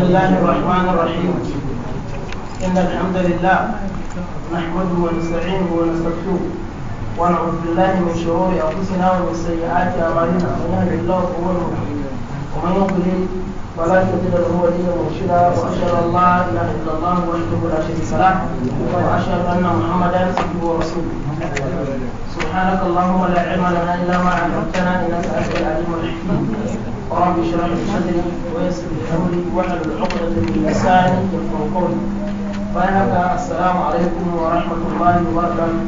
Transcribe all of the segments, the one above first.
بسم الله الرحمن الرحيم إن الحمد لله نحمده ونستعينه ونستغفره ونعوذ بالله من شرور أنفسنا ومن سيئات أعمالنا من يهد الله فهو المهتدي ومن يضلل فلا تجد له وليا مرشدا وأشهد أن لا إله إلا الله وحده لا شريك له وأشهد أن محمدا عبده ورسوله سبحانك اللهم لا علم لنا إلا ما علمتنا إنك أنت العليم الحكيم رب اشرح لي صدري ويسر لي امري واحلل عقدة من لساني يفقهوا قولي bayan haka assalamu alaikum wa rahmatullahi wa barakatuh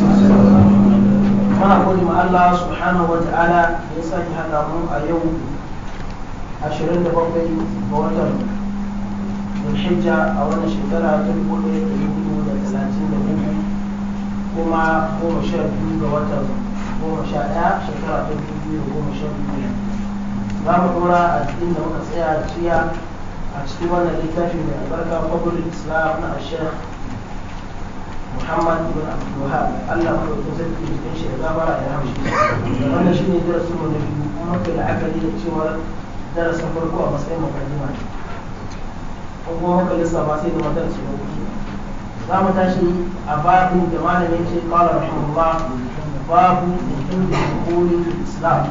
muna gode ma Allah subhanahu wa ta'ala ya sanya hada a yau 27 ga watan Zulhijja a wannan shekara ta 1432 kuma 12 ga watan 11 shekara ta 2012 za mu dora a cikin da muka tsaya a ciya a cikin wannan littafi mai albarka fadlul islam na ashir muhammad ibn abdul wahab allah mu dauki sarki cikin shi da gabara ya hamshi wannan shine darasin mu na biyu kuma kai la'akari da cewa darasin farko a matsayin mukaddima ne kuma muka lissafa sai da matar su za mu tashi a babin da malamin ce qala rahimahullah babu mutum da islam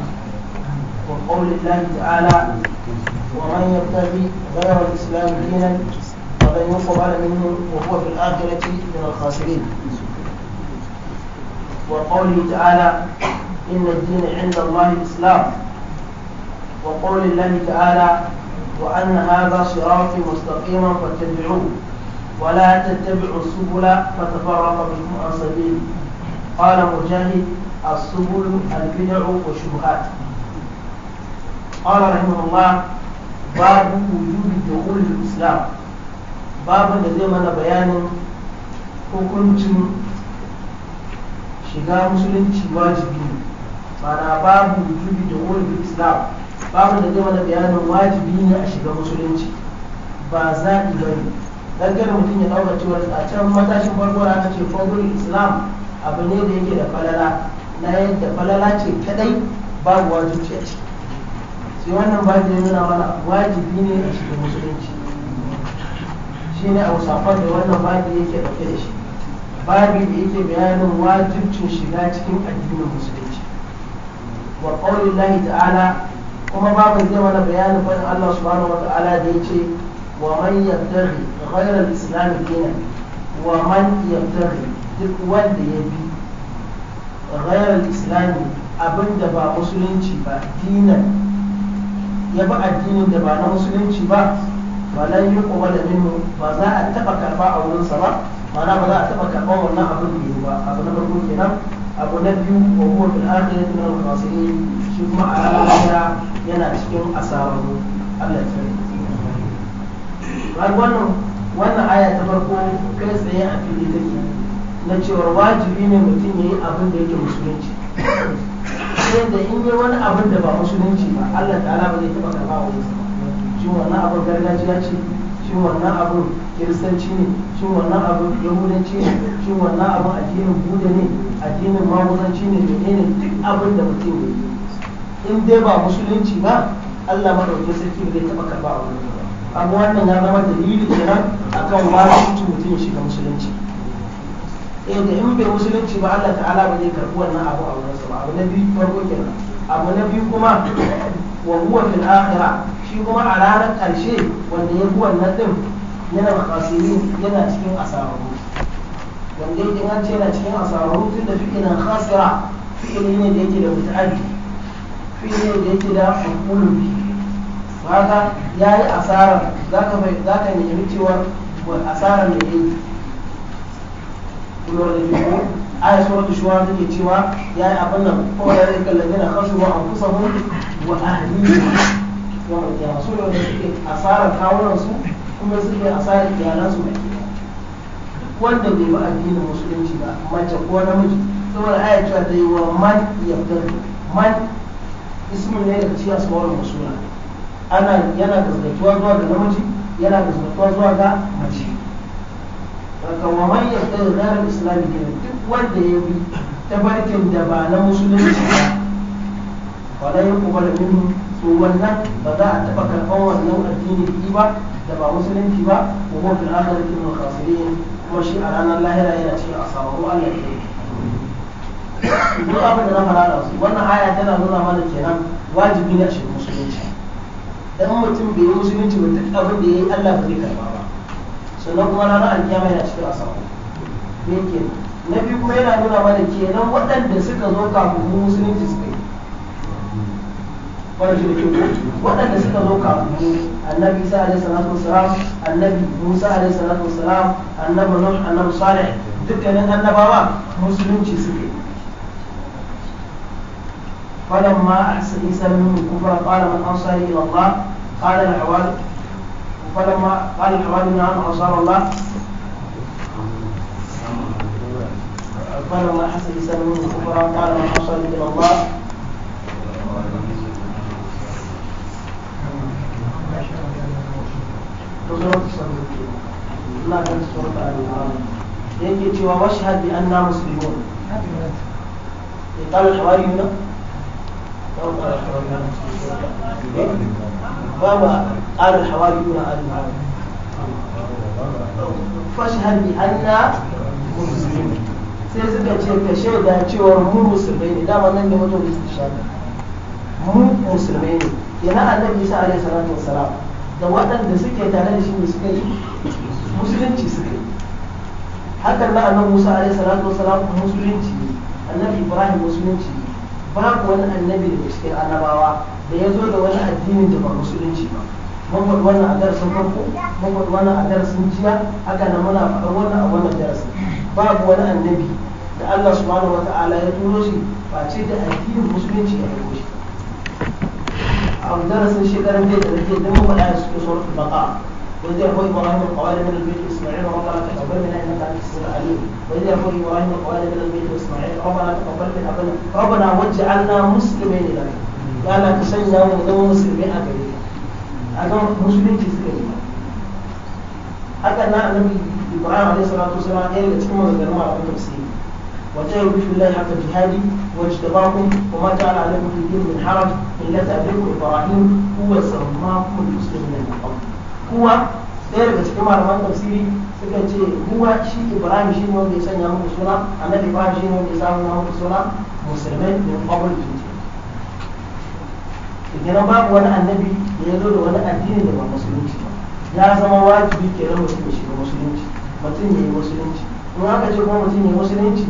وقول الله تعالى ومن يبتغي غير الإسلام دينا فلن يقبل منه وهو في الآخرة من الخاسرين وقوله تعالى إن الدين عند الله الإسلام وقول الله تعالى وأن هذا صراطي مستقيما فاتبعوه ولا تتبعوا السبل فتفرق بكم عن سبيله قال مجاهد السبل البدع والشبهات قال رحمه الله باب وجوب دخول الإسلام باب الذي من بيان hukuncin shiga musulunci wajibi mana babu wujubi da wurin islam babu da zai mana bayanin wajibi ne a shiga musulunci ba za a gani dangane mutum ya dauka cewa a can matashin farko da aka ce fagulin islam abu ne da yake da falala na yadda falala ce kadai babu wajibci a ciki sai wannan babi ya nuna mana wajibi ne a cikin musulunci shi ne a musafar da wannan babi yake ɗauke da shi babi da yake bayanin wajibcin shiga cikin addinin musulunci wa ƙaunin ta'ala kuma babu zai mana bayanin bayan Allah subhanahu wa ta'ala da ya ce wa man yabtaghi ghayra al-islam wa man yabtaghi duk wanda ya bi ghayra al-islam abinda ba musulunci ba dinan ya bi addinin da ba na musulunci ba ba na yi kuma da minu ba za a taba karba a wurinsa ba ma'ana ba za a taba karba wannan abin da ba abu na farko kenan abu na biyu ko huwa fil akhirati na al-khasirin shi kuma a ranar yana cikin asararu Allah ta yi wannan wannan aya ta farko kai tsaye a fili take na cewa wajibi ne mutum ya yi abin da yake musulunci yadda in yi wani abin da ba musulunci ba Allah ta'ala ba zai taɓa karɓa wa musu shi wannan abin gargajiya ce shi wannan abin kiristanci ne shi wannan abin yahudanci ne shi wannan abin addinin buda ne addinin magudanci ne da ne duk abin da mutum ya yi in dai ba musulunci ba Allah madaukakin sarki ba zai taɓa karɓa wa musu amma wannan ya zama dalili kenan akan wajibci mutum ya shiga musulunci yadda da in bai musulunci ba Allah ta'ala ba zai karɓi wannan abu a wurinsa ba abu na biyu farko kenan abu na biyu kuma wa huwa fil akhirah shi kuma a ranar karshe wanda ya fi wannan din yana khasirin yana cikin asararu wanda yake an ce yana cikin asararu tun da fi'ilin khasira fi'ili ne da yake da muta'addi fi'ili ne da yake da hukumun biyu haka ya yi zaka za ka nemi cewa asarar ne ya kullum da biyu aya surat shuwa take cewa ya yi abin nan ko ya yi rika lalina kansu wa an kusa hun wa ahli ya su da suke asarar kawunan su kuma suke asarar iyalansu su baki wanda bai ba addinin musulunci ba mace ko namiji saboda aya cewa ta yi wa man yabdar man ismin ne daga cikin asmawar musula ana yana gaskatuwa zuwa ga namiji yana gaskatuwa zuwa ga mace ka wa man yabtadi daral islam duk wanda ya bi tabarkin da ba na musulunci ba na yi kuma da minhu to wannan ba za a taɓa karɓar wannan addini ki ba da ba musulunci ba ko kuma fil da min khasirin kuma shi a ranar lahira yana cikin asabaru Allah ya yi duk abin da na fara da su wannan aya tana nuna mana kenan wajibi ne a shirin musulunci dan mutum bai yi musulunci ba duk abin da ya yi Allah ba zai karɓa ba sannan kuma ranar alkiyama yana cikin asabu ne ke na biyu kuma yana nuna mana kenan waɗanda suka zo kafin mu musulunci suka yi waɗanda suka zo kafin mu annabi isa alaihi salatu wasalam annabi musa alaihi salatu wasalam annabi nuh annabi salih dukkanin annabawa musulunci suke فلما أحسن عيسى منهم الكفر قال من أنصاري إلى الله قال الحوار فلما قال الحوالي نعم انصار الله قال وما حسن لسان من الكفر قال من انصار الى الله لا كانت سورة آل عمران واشهد بأننا مسلمون قال الحواري هنا؟ قال الحواري هنا قال الحواريون آل فرعون فاشهد بأن مسلمون sai suka ce ka shaida cewar mu musulmai ne dama nan ne wajen istishada mu musulmai ne yana annabi isa alaihi salatu wassalam da waɗanda suke tare da shi ne suka yi musulunci suka yi hakan na annabi musa alaihi salatu wassalam musulunci ne annabi ibrahim musulunci ne babu wani annabi da cikin annabawa da ya zo da wani addinin da ba musulunci ba mun wannan a darasin farko mun faɗi wannan a darasin jiya haka nan muna faɗar wannan a wannan darasin babu wani annabi da Allah subhanahu wata'ala ya turo shi ba ce da addinin musulunci ya aiko shi a darasin shekaran bai da rake dan mun faɗa su suratul baqa وإذ يقول إبراهيم القواعد من البيت وإسماعيل ربنا na منا إنك أنت السميع العليم وإذ يقول إبراهيم القواعد من البيت وإسماعيل ربنا تقبل منا ربنا واجعلنا مسلمين لك يا لا تسلم ودوم مسلمين أكبر a ga musulunci suka yi haka na annabi ibrahim alaihi salatu wasallam ɗaya daga cikin maganganun malamin tafsiri wata yau bishin lai haka jihadi wajen da Baku, kuma ta ala alaikun fiye min haram illata alaikun ibrahim kuwa sammakun musulmi na kuwa ɗaya daga cikin malaman tafsiri suka ce kuwa shi ibrahim shi ne wanda ya sanya muku suna annabi ibrahim shi ne wanda ya samu muku suna musulmai min qabl jinjin kenan babu wani annabi da ya zo da wani addini da ba musulunci ba ya zama wajibi kenan mutum shi shiga musulunci mutum ya yi musulunci kuma aka ce kuma mutum ya yi musulunci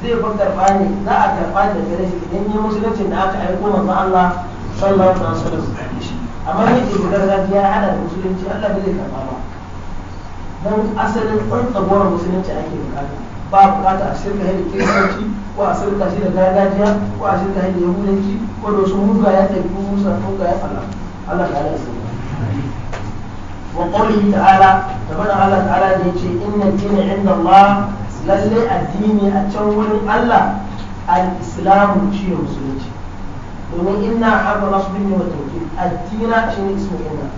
zai fa karɓa ne za a karɓa da daga shi idan yi musulunci da aka aiko manzo Allah sallallahu alaihi wasallam su kare shi amma ne ke da gargajiya ya hada da musulunci Allah ba zai karɓa ba dan asalin tsagowar musulunci ake bukata ba bukata a shirka da kiristanci ko a sirka shi da gargajiya ko a shirka shi da yahudanci ko da wasu muga ya tafi musa ko ga ya fara Allah ta alaihi wasallam wa qawlihi ala da bana Allah ta'ala da yace inna dina inda Allah lalle addini a can wurin Allah al-islamu shi ne musulunci domin inna haka nasu bin wa tawkil addina shi ne ismu inna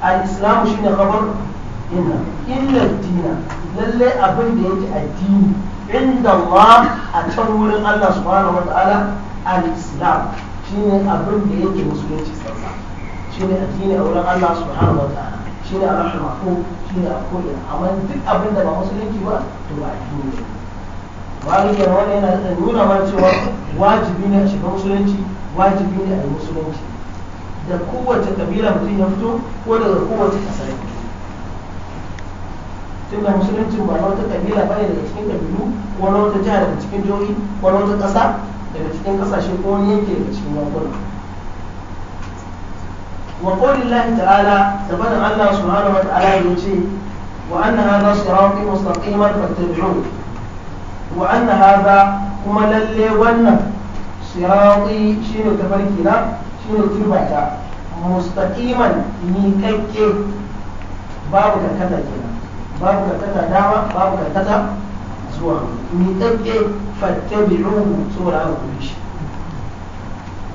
al-islamu shi ne khabar inna illa dina lallai abin da yake addini inda ma a can wurin Allah subhanahu wa ta'ala al-islam shine abin da yake musulunci sassa shine addini a wurin Allah subhanahu wa ta'ala shine ar-rahma ko shine a ko'ina amma duk abin da ba musulunci ba to ba addini ne wani kenan wani yana da nuna ma cewa wajibi ne a shiga musulunci wajibi ne a yi musulunci da kowace kabila mutum ya fito ko daga kowace ƙasa ya fito sai da musulunci ba na wata kabila ba daga cikin kabilu ko na wata jiha daga cikin jihohi ko na wata ƙasa daga cikin ƙasashe ko wani yanki daga cikin yankuna wa qawlillahi ta'ala da banin Allah subhanahu wa ta'ala ya ce wa anna hadha sirati mustaqiman fattabi'uhu wa anna hadha kuma lalle wannan sirati shine tafarki na shine turbata mustaqiman ni kakke babu karkata kenan babu karkata dama babu karkata zuwa ni dabbe fattabi'u saboda aka kuma shi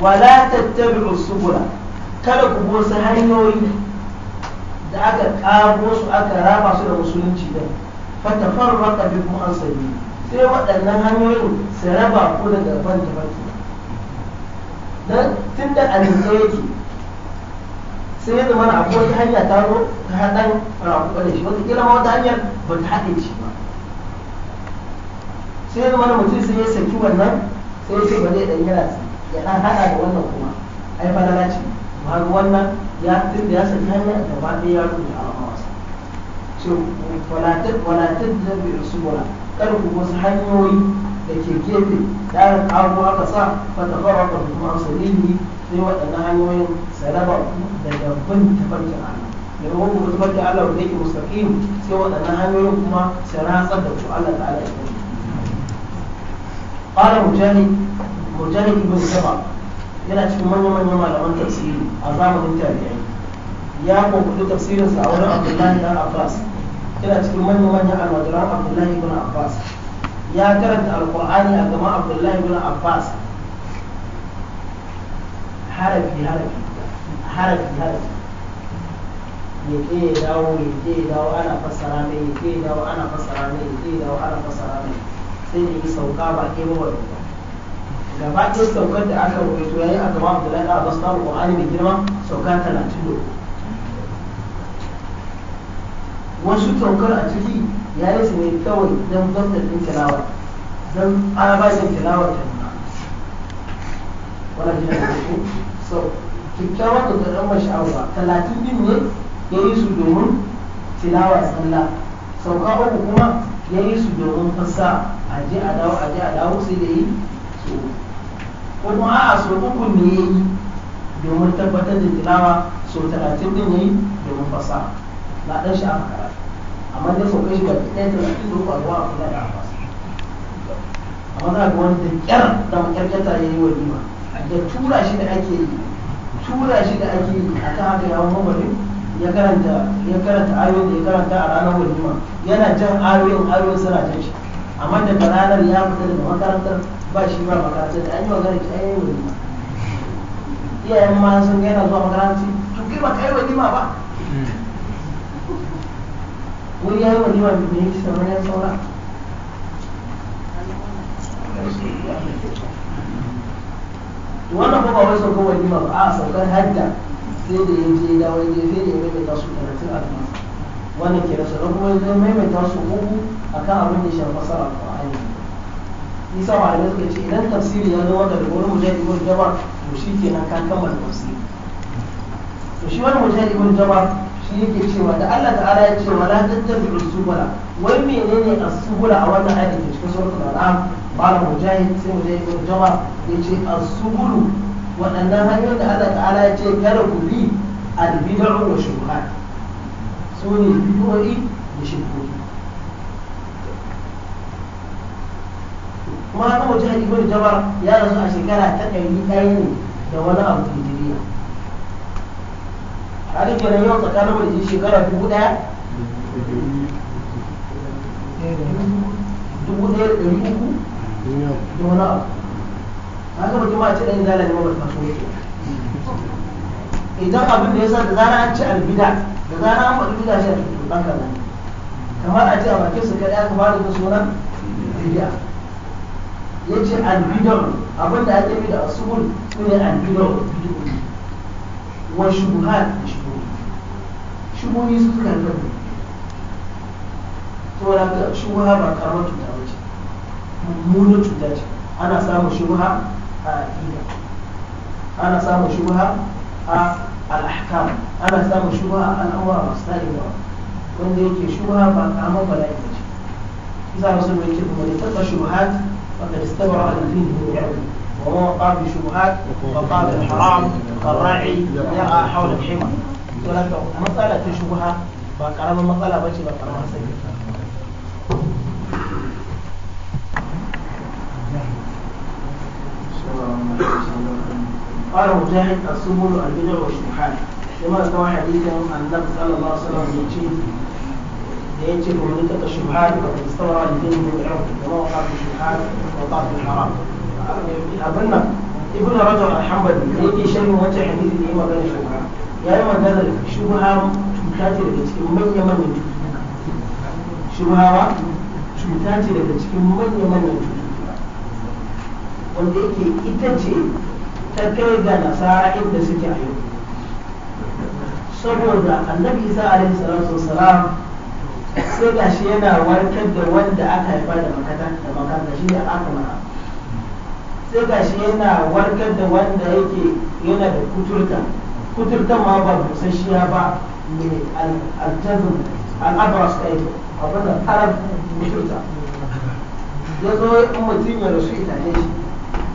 wala tattabi'u subula kada ku bi wasu hanyoyi da aka kago su aka raba su da musulunci din fatafarraqa bikum an sabili sai waɗannan hanyoyin su raba ku daga ban da ban dan tunda alƙaiki sai ya zama abu wata hanya ta zo ta haɗan rakuɓa da shi wata ƙila wata hanyar ba ta haɗe shi ba sai ya zama na mutum sai ya saki wannan sai ya ce ba zai ɗan yana ya ɗan haɗa da wannan kuma ai falala ce ba wannan ya tunda ya saki hanyar da ba ɗaya ya rubuta a mawasa ce walatar walatar da bai rasu wala ƙarfi wasu hanyoyi da ke gefe da ƙago aka sa fata fara ƙarfi masu rini sai waɗannan hanyoyin saraba daga bin tafarkin Allah daga wanda ba tafarkin Allah wanda yake mustaqim sai waɗannan hanyoyin kuma su ratsar da su Allah ta'ala ya kuma قال مجاهد مجاهد بن yana cikin manya-manyan malaman tafsiri a zamanin tabi'ai ya kokuta tafsirinsa a wurin abdullahi dan abbas yana cikin manya-manyan almajiran abdullahi ibn abbas ya karanta alkur'ani a gama abdullahi ibn abbas harafi harafi harafi harafi ya ke ya dawo ya ke ya dawo ana fassara mai ya ke ya dawo ana fassara mai ya ke ya dawo ana fassara mai sai da yi sauka ba ke ba wani ba gaba ɗaya saukar da aka rubuto yayi a gaba Abdullahi da Abbas ta Qur'ani mai girma sauka 33 wasu saukar a ciki ya yi su ne kawai don gwamnan ɗin tilawa don arabashin tilawa ta nuna wannan jina da so. kyakkyawar da ɗan masha'awa talatin din ne ya yi su domin tilawa tsalla sauka uku kuma ya yi su domin fasa a je a dawo a je a dawo sai da yi so ko kuma a so uku ne ya yi domin tabbatar da tilawa so talatin din ya yi domin fassa na ɗan sha'awa karatu amma dai kai shi ba ɗaya talatin da ba a zuwa a kula da abbas amma za ga wani da ƙyar da maƙyarƙyata ya yi wa lima da tura shi da ake yi tura shi da ake a kan haka ya hau ya karanta ya karanta ayoyin da ya karanta a ranar walima yana jan ayoyin ayoyin suna jan shi amma da ranar ya fita daga makarantar ba shi ba makarantar da an yi magana ki ayoyin walima iyayen ma sun yana zuwa makarantar to kai ba yi walima ba wani ya yi walima mai yi sauran saura to wannan ko ba wai saukar walima ba a saukar hadda sai da yaje dawo yaje sai da ya maimaita su da karatun almasa wannan ke don kuma zai maimaita su uku akan abin da ya shafi masara alqur'ani isa malamai suka ce idan tafsiri ya zama wanda daga wani mujahid ibn jabar to shi kenan ka kammala tafsiri to shi wani mujahid ibn jabar shi yake cewa da Allah ta'ala ya ce wala tattabi'u subula wai menene as-subula a wannan ayatin cikin suratul an'am malam mujahid sai mujahid ibn jama ya ce asubulu waɗannan hanyoyin da Allah ta'ala ya ce kada ku bi albid'u wa shubuhat su ne da shubuhi kuma na mujahid jabar ya rasu a shekara ta ɗari ɗaya ne da wani abu hijiriya haka kenan yau tsakanin mu da shekara dubu ɗaya dubu ɗaya da ɗari da wani abu idan abin da ya sa da an ci albida da zara an faɗi a cikin kamar a ce a bakin su kaɗai aka fara da sunan bidiya ya ce albidon abin da ake bida a su ne albidon wa shubuhat da shubuhi shubuhi su suka karamar mummunan cuta ce ana samun shubha a aqida ana samun shubha a al-ahkam ana samun shubha a al'amura masu tarewa wanda yake shubha ba kamar bala'i ba ce isa rasul mai ce kuma da taɓa shubhat wanda da stabara a lafin da ya yi وما وقع بشبهات وقع بالحرام كالراعي يقع حول الحمى ba مسألة الشبهة بقرار مسألة بشي بقرار قال مجاهد السبل البدع والشبهات كما استوى حديثا عن النبي صلى الله عليه وسلم يجيب يجيب من الشبهات وقد استوى الدين من العرف كما وقع في الشبهات وقع في الحرام أظن ابن رجل الحنبلي يجي شيء وجه حديث الإمام بن الشبهات يا يوم هذا الشبهة شبهاتي لك من يمن شبهة اللي تشكي من يمن wanda yake ita ce ta kai ga nasara inda suke a yau saboda annabi isa alaihi salatu wasalam sai ga shi yana warkar da wanda aka haifa da makata da makata shi da aka mara sai ga shi yana warkar da wanda yake yana da kuturta kuturta ma ba busasshiya ba mai altazin al'abras da yake abin da arab kuturta ya zo in mutum ya rasu ne shi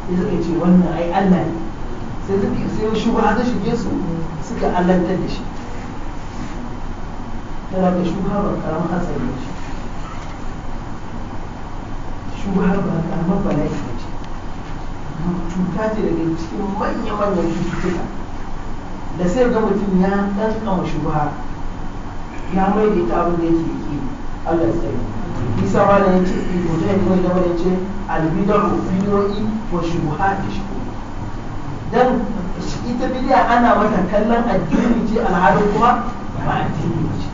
sai suka ce wannan ai Allah ne sai suka sai shubha ta shige su suka allantar da shi tana da shubha ba karamin hatsari ne shi shubha ba karamin bala'i ne ce cuta ce daga cikin manya-manyan cututtuka da sai ga mutum ya ɗan ɗan shubha ya mai da ita abin da yake yi Allah ya tsaye isa ma da yace ya tayyib ne da wani yace al-bid'u bid'o'i wa shubuhat shubuhat dan ita bidiya ana mata kallon addini ce alhalin kuma ba addini ce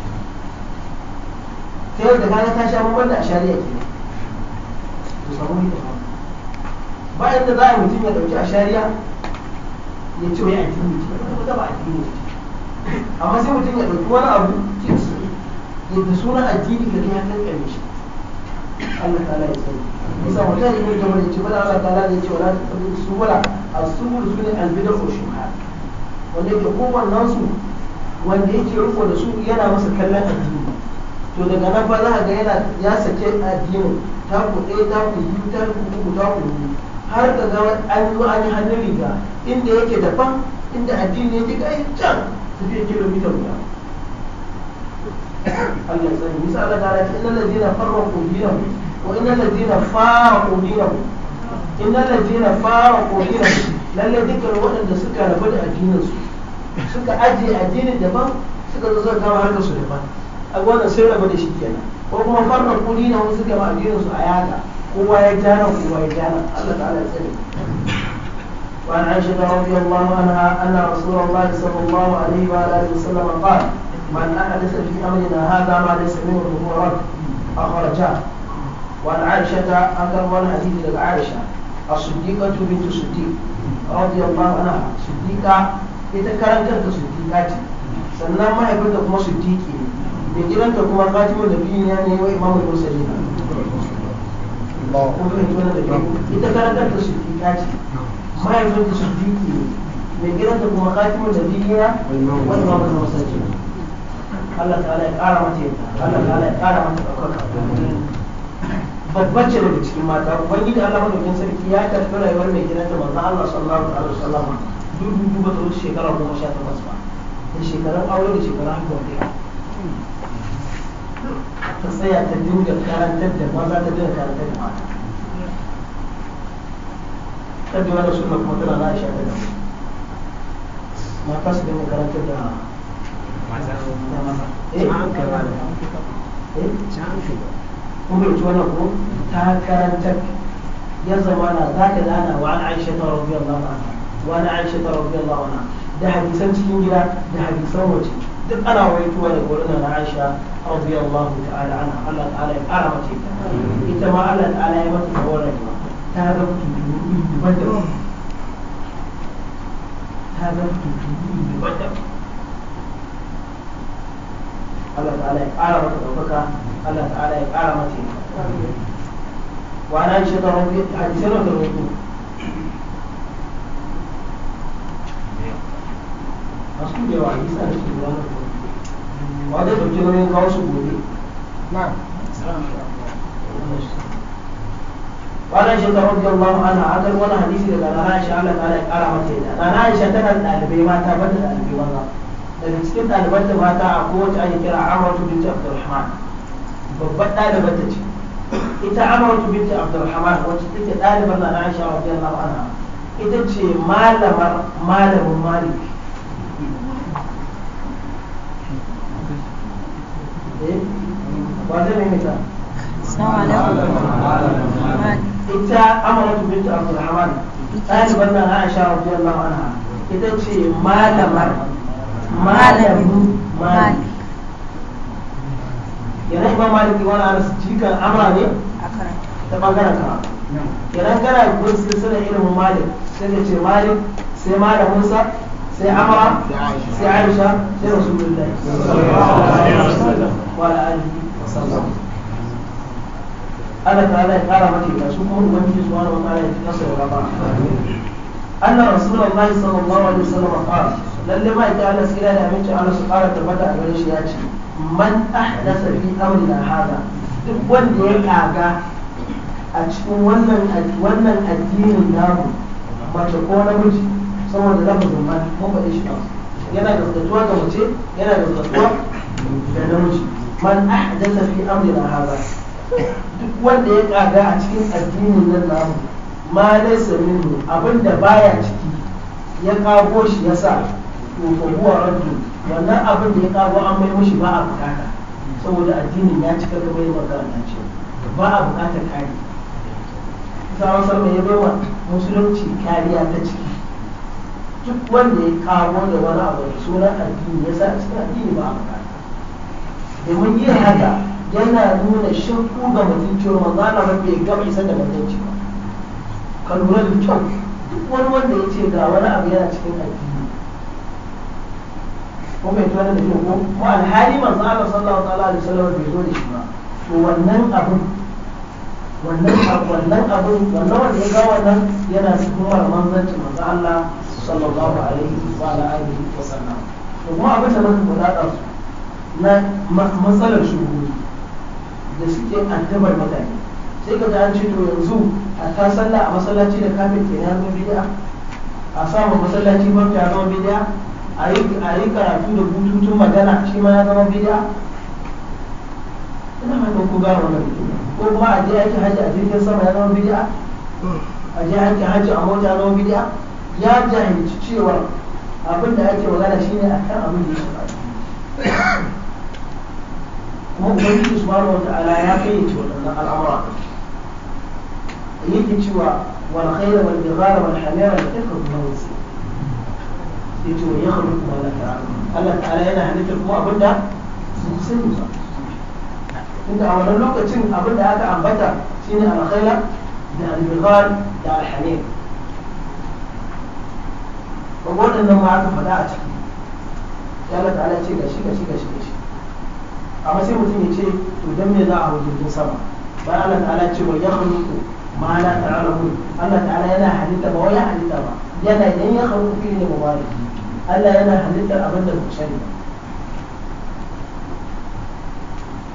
ta yadda kaga ta sha bambam da ashariya ke to samu hita ba ba da za a mutum ya dauki ashariya ya ce wai addini ce ba ba addini ce amma sai mutum ya ɗauki wani abu ke su yadda sunan addini ka kai ya kankare shi Allah ta'ala ya sani bisa wata ne Allah wa wanda su wanda yake riko da su yana masa kallon addini to daga nan fa za a ga yana ya sake addinin taku ɗaya taku biyu taku uku taku biyu har ga an zo an yi hannun riga inda yake daban inda addini yake ga can kilomita guda Allah ya Allah ta ce innal ladina farraqu dinahum wa innal ladina dinahum ladina dinahum lalle dukkan waɗanda suka rabu da addinin su suka ajiye addinin daban suka zo suka kama harkar su daban a wannan sai rabu da shi kenan ko kuma farraqu dinahum suka ma addinin su a yaga kowa ya jana kowa ya jana Allah ta'ala ya وعن عائشة رضي الله عنها أن رسول الله صلى الله عليه وآله وسلم قال من أحدث في أمرنا هذا ما ليس منه فهو رد أخرجاه وعن عائشة أن روى الحديث عائشة الصديقة بنت الصديق رضي الله عنها صديقة يتكلم كانت صديقة sannan mahaifinta kuma siddiqi ne mai gidanta kuma khatimun da biyu ya ne wa imamul mursalin kun fahimci wannan da biyu ita karantar ta siddiqa ce mahaifinta siddiqi ne mai gidanta kuma da Allah ta'ala ya ƙara mata yadda Allah ta'ala ya ƙara mata ɗaukaka babbar ce daga cikin mata ubangiji Allah madaukin sarki ya karɓi rayuwar mai gidan da manzon Allah sallallahu alaihi wasallam dubu dubu ta wuce shekara goma sha takwas ba da shekarun aure da shekarun haihuwar da ta tsaya ta dinga karantar da maza ta dinga karantar da mata ta biyo da suna kuma tana na aisha da mata su dinga karantar da kuma ko ta karantar ya zama na za ka lana wa an aisha ta rabbi Allah wa an aisha ta rabbi Allah da hadisan cikin gida da hadisan waje duk ana waituwa da gurin na aisha rabbi Allah ta'ala ana Allah ta'ala ya fara mace ita ma Allah ta'ala ya mata ta ta Allah ta'ala ya ƙara mata ɗaukaka Allah ta'ala ya ƙara mata yi wa na shi ta a jisar da da yi sa da shi da wani wa da ɗauki nauyin kawo su gobe wannan shi kamar da ba ana hadar wani hadisi daga rana shi Allah ta'ala ya ƙara mata yi da shi tana ɗalibai mata banda ɗalibai maza daga cikin ɗaliban ta mata a kowace ake kira amuratu binti abdulrahman babban ɗaliban ta ce ita amuratu binti abdulrahman wacce take ɗaliban na aisha wa radiyallahu anha ita ce malamar malamin malik ba zai mimita ita amuratu binti abdulrahman ɗaliban na aisha wa radiyallahu anha ita ce malamar malamin malik yana imam malik ibn anas jikan amra ne ta bangaren ka kenan kana gudu silsilar ilimin malik sai ka ce malik sai malamin sa sai amra sai aisha sai rasulullah wa alihi Allah ta'ala ya kara mata ita su kuma ubangiji subhanahu wa ta'ala ya kasa da gaba anna rasulullahi sallallahu alaihi wasallam qala lalle ba ita Allah sai da aminci Allah su fara tabbata a gare shi ya ce man ahdasa fi amrina hada duk wanda ya kaga a cikin wannan wannan addinin namu mace ko namiji saboda zaka zumba ko ba shi ba yana da gaskatuwa ga mace yana da gaskatuwa da namiji man ahdasa fi amrina hada duk wanda ya kaga a cikin addinin nan namu ma laysa minhu abinda baya ciki ya kago shi ya sa to fa huwa raddu wannan abin da ya kawo an mai mishi ba a bukata saboda addinin ya cika gaba yin makaranta ce ba a bukatar kari sa'awar sarma ya bai wa musulunci kariya ta ciki duk wanda ya kawo da wani abu da sunan addini ya sa cikin addini ba a bukata domin yin haka yana nuna shakku ga mutum cewa manzo Allah bai gama isar da mutunci ba ka lura da kyau duk wani wanda ya ce ga wani abu yana cikin addini ko mai tuwa da ke ko ko alhali manzo Allah sallallahu alaihi wasallam bai zo da shi ba to wannan abin wannan wannan abin wannan wanda ya ga wannan yana cikin manzancin manzo Allah sallallahu alaihi wa alihi wasallam to kuma abin da na kula da su na matsalar shugabanci da suke addabar mutane sai ka an ce to yanzu a ta sallah a masallaci da kafin ke ya zo bid'a a samun masallaci mafi ya zama bid'a a yi karatu da bututun magana shi ma ya zama bid'a ina ma ku gane wannan ko kuma a je aiki hajji a jirgin sama ya zama bid'a a je aiki hajji a mota ya zama bid'a ya jahilci cewa abin da ake magana shine kan abin da ya shafa kuma ubangiji subhanahu ala ya fayyace waɗannan al'amura yake cewa wal khaira wal bighala wal hamira takhudhu min ya ce wani yawon kuma Allah ta Allah ta'ala yana halittar kuma abinda sun sani ba tunda a wannan lokacin abinda aka ambata shine alkhaila da albirgal da ko godan nan ma aka faɗa a ciki ya Allah ta'ala ce gashi gashi gashi gashi amma sai mutum ya ce to dan me za a hawo jirgin sama bayan Allah ta'ala ce wa yakhluqu ma la ta'lamun Allah ta'ala yana halitta ba wai halitta ba yana dan yakhluqu fi ne mubaraki Allah yana halittar abin da ku sani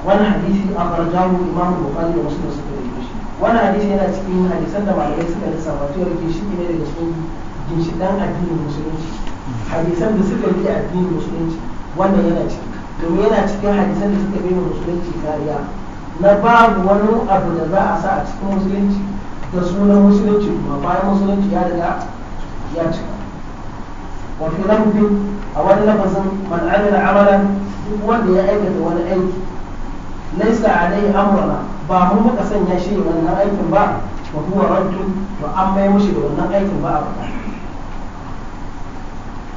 wani hadisi a farjahu imam bukhari da wasu da suka rike shi wani hadisi yana cikin hadisan da malamai suka rasa wato rike shi ne daga cikin ginshiɗan addinin musulunci hadisan da suka rike addinin musulunci wannan yana ciki domin yana cikin hadisan da suka rike musulunci kariya na babu wani abu da za a sa a cikin musulunci da sunan musulunci kuma bayan musulunci ya riga ya cika wafi lafzi a wani lafazin man amila amalan duk wanda ya aikata wani aiki laisa alai amrana ba mu muka sanya shi wannan aikin ba wa huwa raddu to an da wannan aikin ba a baka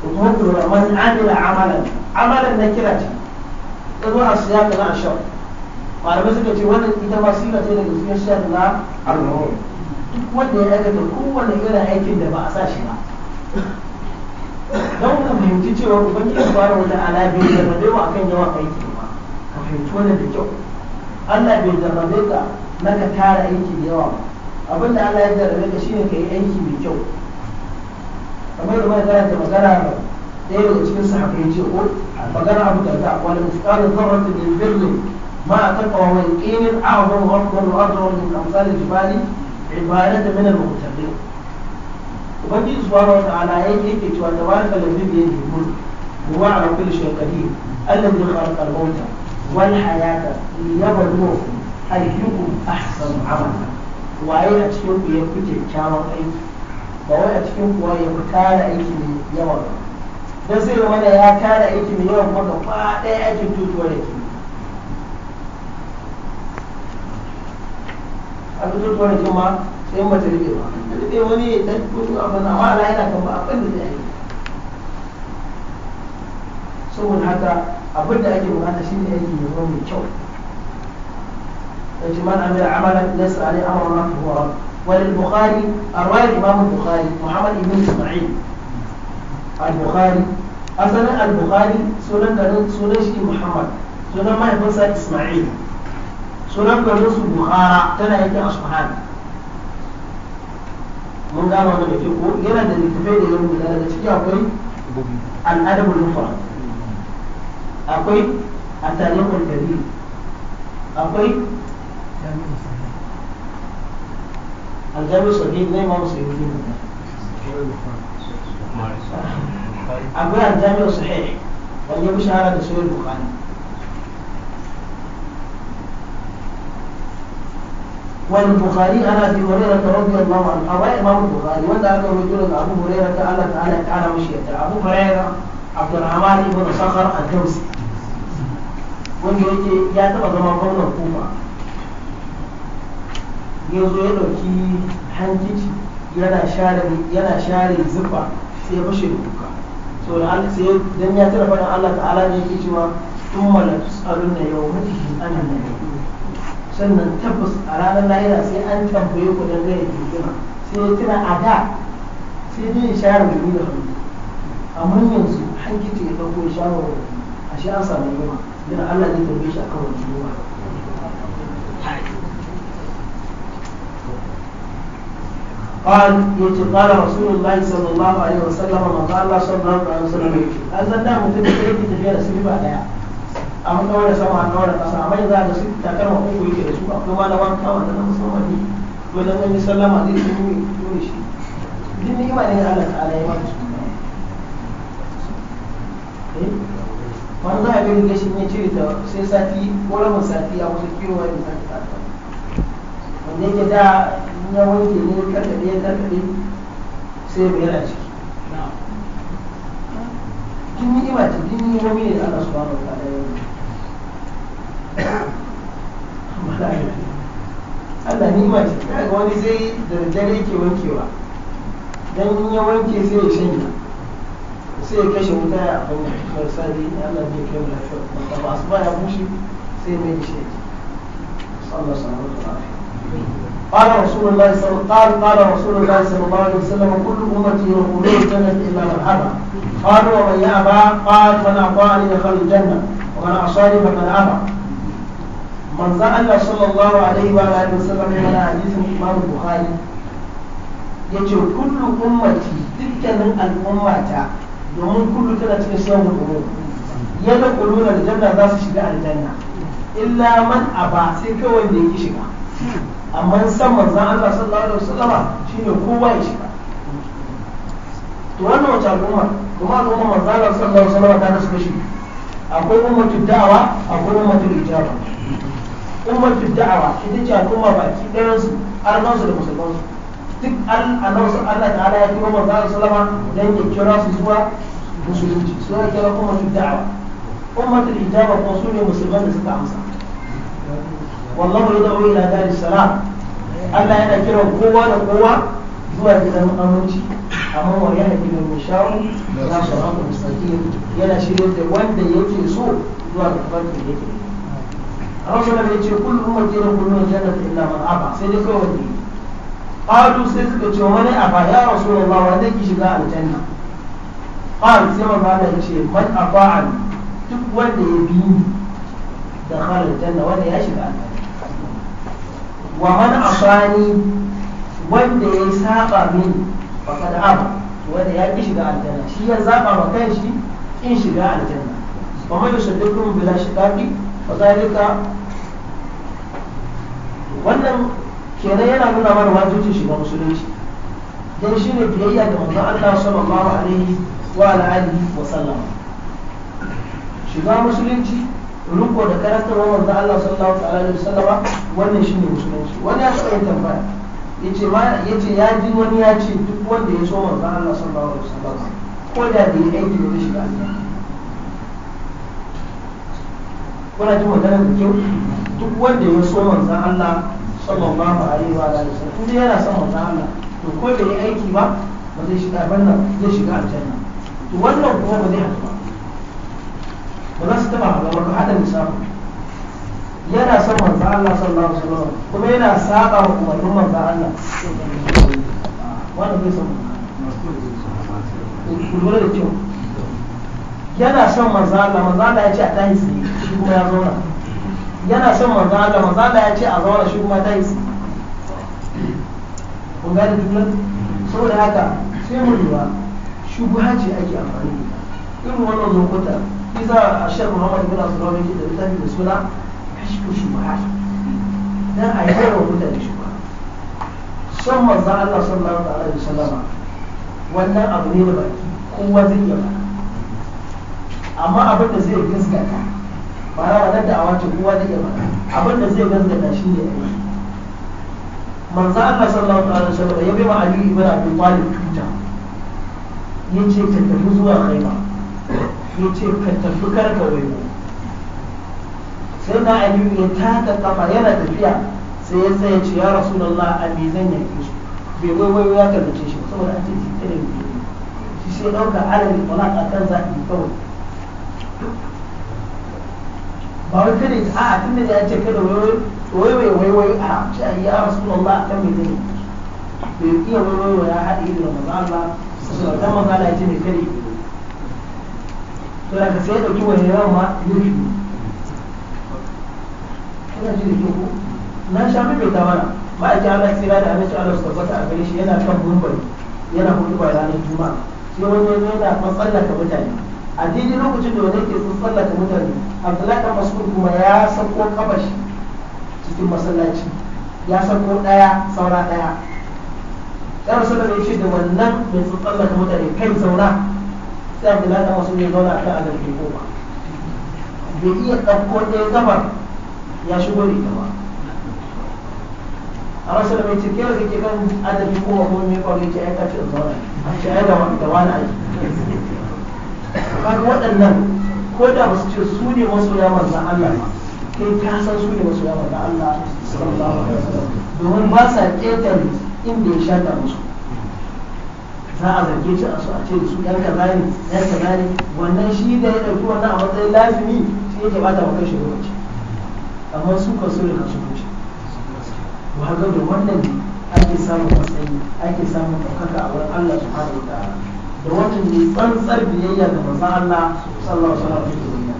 وتوكل من عمل عملا عملا نكرة تضع السياق مع الشر قال بس كتي وانا ما جزئية لا don ku fahimci cewa ubangiji subhanahu wata ala bai zarrabe wa akan yawan aiki ba ka fahimci wannan da kyau Allah bai zarrabe ka na ka tara aiki da yawa abin da Allah ya zarrabe ka shine ka yi aiki mai kyau kamar da mai karanta magana ɗaya daga cikin sahabbai ce ko oh, magana abu da ta wani mutsarin zarratin da birni ma taqwa wa yaqinin a'zamu wa ardun wa ardun min amsal al-jibali ibadatan min al-muttaqin ubangiji subhanahu wa ta'ala yake cewa tabaraka allazi bi yadihi mulk wa ala kulli shay'in qadir allazi khalaqa al-mauta wal hayata liyabluwakum ayyukum ahsanu amala waye a cikin ku ya fi kyakkyawan aiki ba wai a cikin ku ya fi tara aiki mai yawa ba dan sai wanda ya tara aiki mai yawa kuma gaba ɗaya aikin tutuwa da ke a tutuwa da ke ma sai mace riƙewa da riƙe wani ya ta fito a bana wa ala yana kan ba abin da zai yi saboda haka abin da ake bukata shine aiki ya zama mai kyau yace man amila amalan laysa alai amruna fa huwa rabb وللبخاري الرواية الإمام البخاري محمد بن إسماعيل البخاري أصلا البخاري سنن قرن سنن شي محمد سنن ما يفسر isma'il سنن قرن سو بخارى tana yake أصبحان mun gano da ke ko yana da littafai da ya rubuta da ciki akwai al'adabul mufrad akwai at-tariqul kabir akwai al-jami' sahih ne ma musulmi ne akwai al-jami' sahih wani ya shahara da soyar bukani والبخاري عن ابي هريره رضي الله عنه او امام البخاري وانا اكبر رجل ابو هريره الله تعالى تعالى مشيئته ابو هريره عبد الرحمن بن صخر الدوسي wanda yake ya taba zama gwamnan kufa ya zo ya dauki hankici yana share yana share zuba sai ya fashe duka so da sai dan ya tara Allah ta'ala ne yake cewa tumma la tusaluna yawma anan sannan tabbas a ranar lahira sai an tambaye ku don gaya jikina sai ya tuna a da sai dai ya share gumi da hannu amma yanzu hankici ya ɗauko ya share wa a shi an samu yunwa yana Allah zai tambaye shi a kan wani yunwa قال قال رسول الله صلى الله عليه وسلم ما قال الله صلى الله عليه وسلم أن زلنا متبقى في تبيع سليم عليها an ɗaura sama an ɗaura ƙasa amma za da su takarma uku yake da su akwai malaman kawai da na musamman ne wajen wani sallama zai su ne dole shi ni ni'ima ne Allah ta'ala ya maka su eh? wani za a bi riga shi ne cire ta sai sati ko rabin sati a wasu kiwo wani sati ta wanda yake da ya wanke ne karkaɗe ya karkaɗe sai ya bayar a ciki duk ni'ima ce duk ni'imomi ne da Allah subhanahu wa ta'ala ya Allah ni ma ce wani sai da daddare yake wankewa dan in ya wanke sai ya shanya sai ya kashe wuta ya abin da sadi Allah zai kai mu lafiya ba su ba ya bushe sai mai da shi sallallahu alaihi wasallam قال رسول الله صلى قال قال رسول الله صلى الله عليه وسلم كل امتي يقولون الجنه الا من ابى قالوا ومن يابى قال من اطاعني دخل الجنه ومن عصاني فقد ابى manzo Allah sallallahu alaihi wa alihi wasallam yana hadisin Imam Bukhari yace kullu ummati dukkanin al'ummata domin kullu tana cikin samun umur yadda kuluna da janna za su shiga aljanna illa man aba sai kawai da yake shiga amma san manzon Allah sallallahu alaihi wasallama shine kowa ya shiga to wannan wace al'umma kuma al'umma manzon Allah sallallahu alaihi wasallama ta da suka shi akwai ummatul da'awa, akwai ummatul ijaba ummatu da'awa ita ce al'umma baki ɗayan su arnan su da musulman su duk annabi Allah ta'ala ya kira manzo salama dan ya kira su zuwa musulunci su ya kira ummatu da'awa ummatu ijaba ko su ne musulman da suka amsa wallahu yad'u ila daris salam Allah yana kira kowa da kowa zuwa gidan aminci amma wa yana gidan mushawu na shirin mustaqim yana shirye da wanda yake so zuwa ga farkin yake rasulan ya ce kullu ummati yadkhuluna aljannata illa man aba sai dai kawai ne qalu sai suka ce wani aba ya ba wanda ki shiga aljanna qal sai manzo Allah ya ce man aba'an duk wanda ya bi ni da khala aljanna wanda ya shiga aljanna wa man ni wanda ya saba mini faqad aba wanda ya ki shiga aljanna shi ya zaba ma kanshi in shiga aljanna wa man yusaddiqu bila shiqaqi فذلك wannan kenan yana nuna mana shi shiga musulunci dan shi ne biyayya ga manzon Allah sallallahu alaihi wa alihi wa sallam shiga musulunci riko da wa manzon Allah sallallahu alaihi wa sallam wannan shi ne musulunci wani ya taɓa tambaya yace ma yace ya ji wani ya ce duk wanda ya so manzon Allah sallallahu alaihi wa sallam ko da dai aiki ne shi ba kuna ji magana da kyau duk wanda ya so manzan Allah sallallahu alaihi wa alihi wasallam kuma yana son manzan Allah to ko bai yi aiki ba ba zai shiga wannan zai shiga aljanna to wannan kuma ba zai haɗu ba ba za su taba ba ba hada misali yana son manzan Allah sallallahu alaihi wasallam kuma yana saba wa umarnin manzan Allah wannan zai son manzan Allah da kyau yana son manzo Allah manzo Allah ya ce a tahi shi kuma ya zauna yana son manzo Allah manzo Allah ya ce a zauna shi kuma tahi kun gane jumlar saboda haka sai mu lura shubha ce ake amfani da irin wannan lokuta iza a shan Muhammad ibn Abdullah yake da littafi da suna kashfu shubha dan a yi yawan mutane shubha son manzo Allah sallallahu alaihi wasallama wannan abu ne da baki kowa zai iya faɗa amma abin da zai gaskata ba na wadar da awace kowa da yamma abin da zai gaskata shi ne a manzo Allah sallallahu alaihi wasallam ya bai wa Ali ibn Abi Talib tuta ce ka tafi zuwa ya ce ka tafi karka wayo sai na Ali ya taka kafa yana tafiya sai ya tsaye ce ya Rasulullah a me zan yake su bai wai ya karbace shi saboda an ce shi irin shi sai dauka alal kwanaka kan zafi kawai ba wai kada a tun da ya ce kada wai wai wai wai a ce a a wasu ya a kan me zai bai iya wai wai wai ya haɗe da manzo Allah sallallahu alaihi wasallam Allah ya ce me kare to da ka sai dauki wani yawan ma yushi kana ji da ko. na sha mai ta mana ma'aikin Allah tsira da aminci Allah su tabbata a gare shi yana kan bumbai yana hudu ba ranar juma'a sai wani yana matsallaka mutane a daidai lokacin da wani ke sun tsallaka mutane abdullahi ɗan masu kuma ya sauko kabashi cikin masallaci ya sauko ɗaya saura ɗaya. ɗan rasu da mai da wannan mai sun tsallaka mutane kai saura sai abdullahi ɗan masu ne zauna a kan azarfi goma bai iya ɗauko ɗaya gabar ya shigo ne gaba a wasu da mai ce kera zai ke kan azarfi goma kuma mai kwarai ce aika zauna a ce ai da wani aiki kaga waɗannan ko da ba su ce su ne masoya manzan Allah ba kai ka san su ne masoya manzan Allah sallallahu domin ba sa ƙetare inda ya shata musu za a zarge shi a so a ce da su ɗan kaza ne ɗan kaza ne wannan shi da ya ɗauki wannan a matsayin lazimi shi yake bata maka shi lokaci amma su ka so da kan su wuce wa ga da wannan ne ake samun matsayi ake samun ɗaukaka a wurin Allah subhanahu wa ta'ala da wancan ne tsantsar biyayya ga manzon Allah sallallahu alaihi wasallam take nuna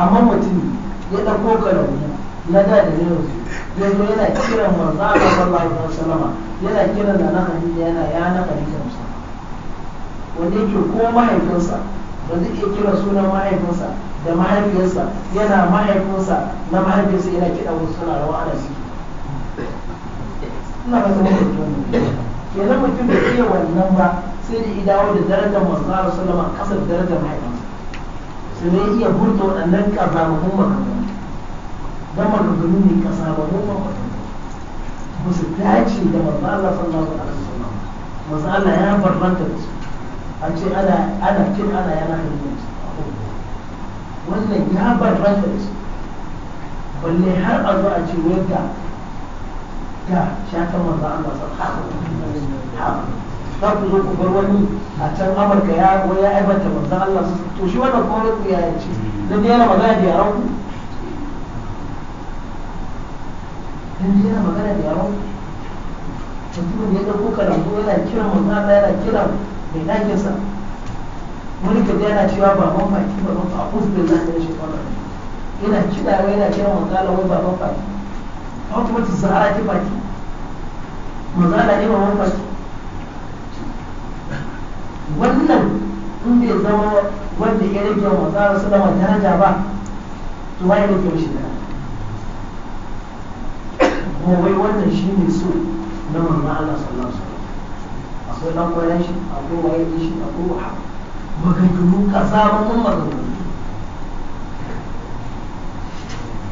amma mutum ya dauko karamu na da da ne zo yana kiran manzon Allah sallallahu alaihi wasallam yana kiran da na hadisi yana yana hadisi musa wanda yake ko mahaifinsa ba zai iya kira sunan mahaifinsa da mahaifiyarsa yana mahaifinsa na mahaifinsa yana kiɗa wasu suna rawa ana ciki ina ba ta mutum kenan mutum da iya wannan ba sai da dawo da darajar masu zara sallama kasar darajar mahaifinsa su ne iya burta waɗannan ƙazamahun makamu don maganganu ne ƙazamahun makamu ba su dace da masu Allah sallallahu alaihi wasallam masu Allah ya barbanta da su a ce ana kin ana yana hanyar wannan ya barbanta da su balle har a zo a ce wai ga ga shakar masu Allah sallallahu alaihi wasallam za ku zo ku bar wani a can amurka ya ko ya aibanta manzan Allah su to shi wannan kuma rantsu ya yi na biyar a magana da yaron ku dan yana magana da yaran ku ya ɗauko karatu yana kiran manzan Allah yana kiran mai ɗakinsa wani gaba yana cewa ba man baki ba baki a kusurin da zai shi kwanar yana kiɗa yana kiran manzan Allah wai baban baki a wata wata sahara ta baki manzan Allah ne man baki wannan in bai zama wanda ya rage wa tsara sulama daraja ba to waye rage shi da kuma wai wannan shi ne so na mamman Allah sallallahu alaihi wasallam akwai dan shi akwai waye shi akwai wa maganganu ka zama mun maganganu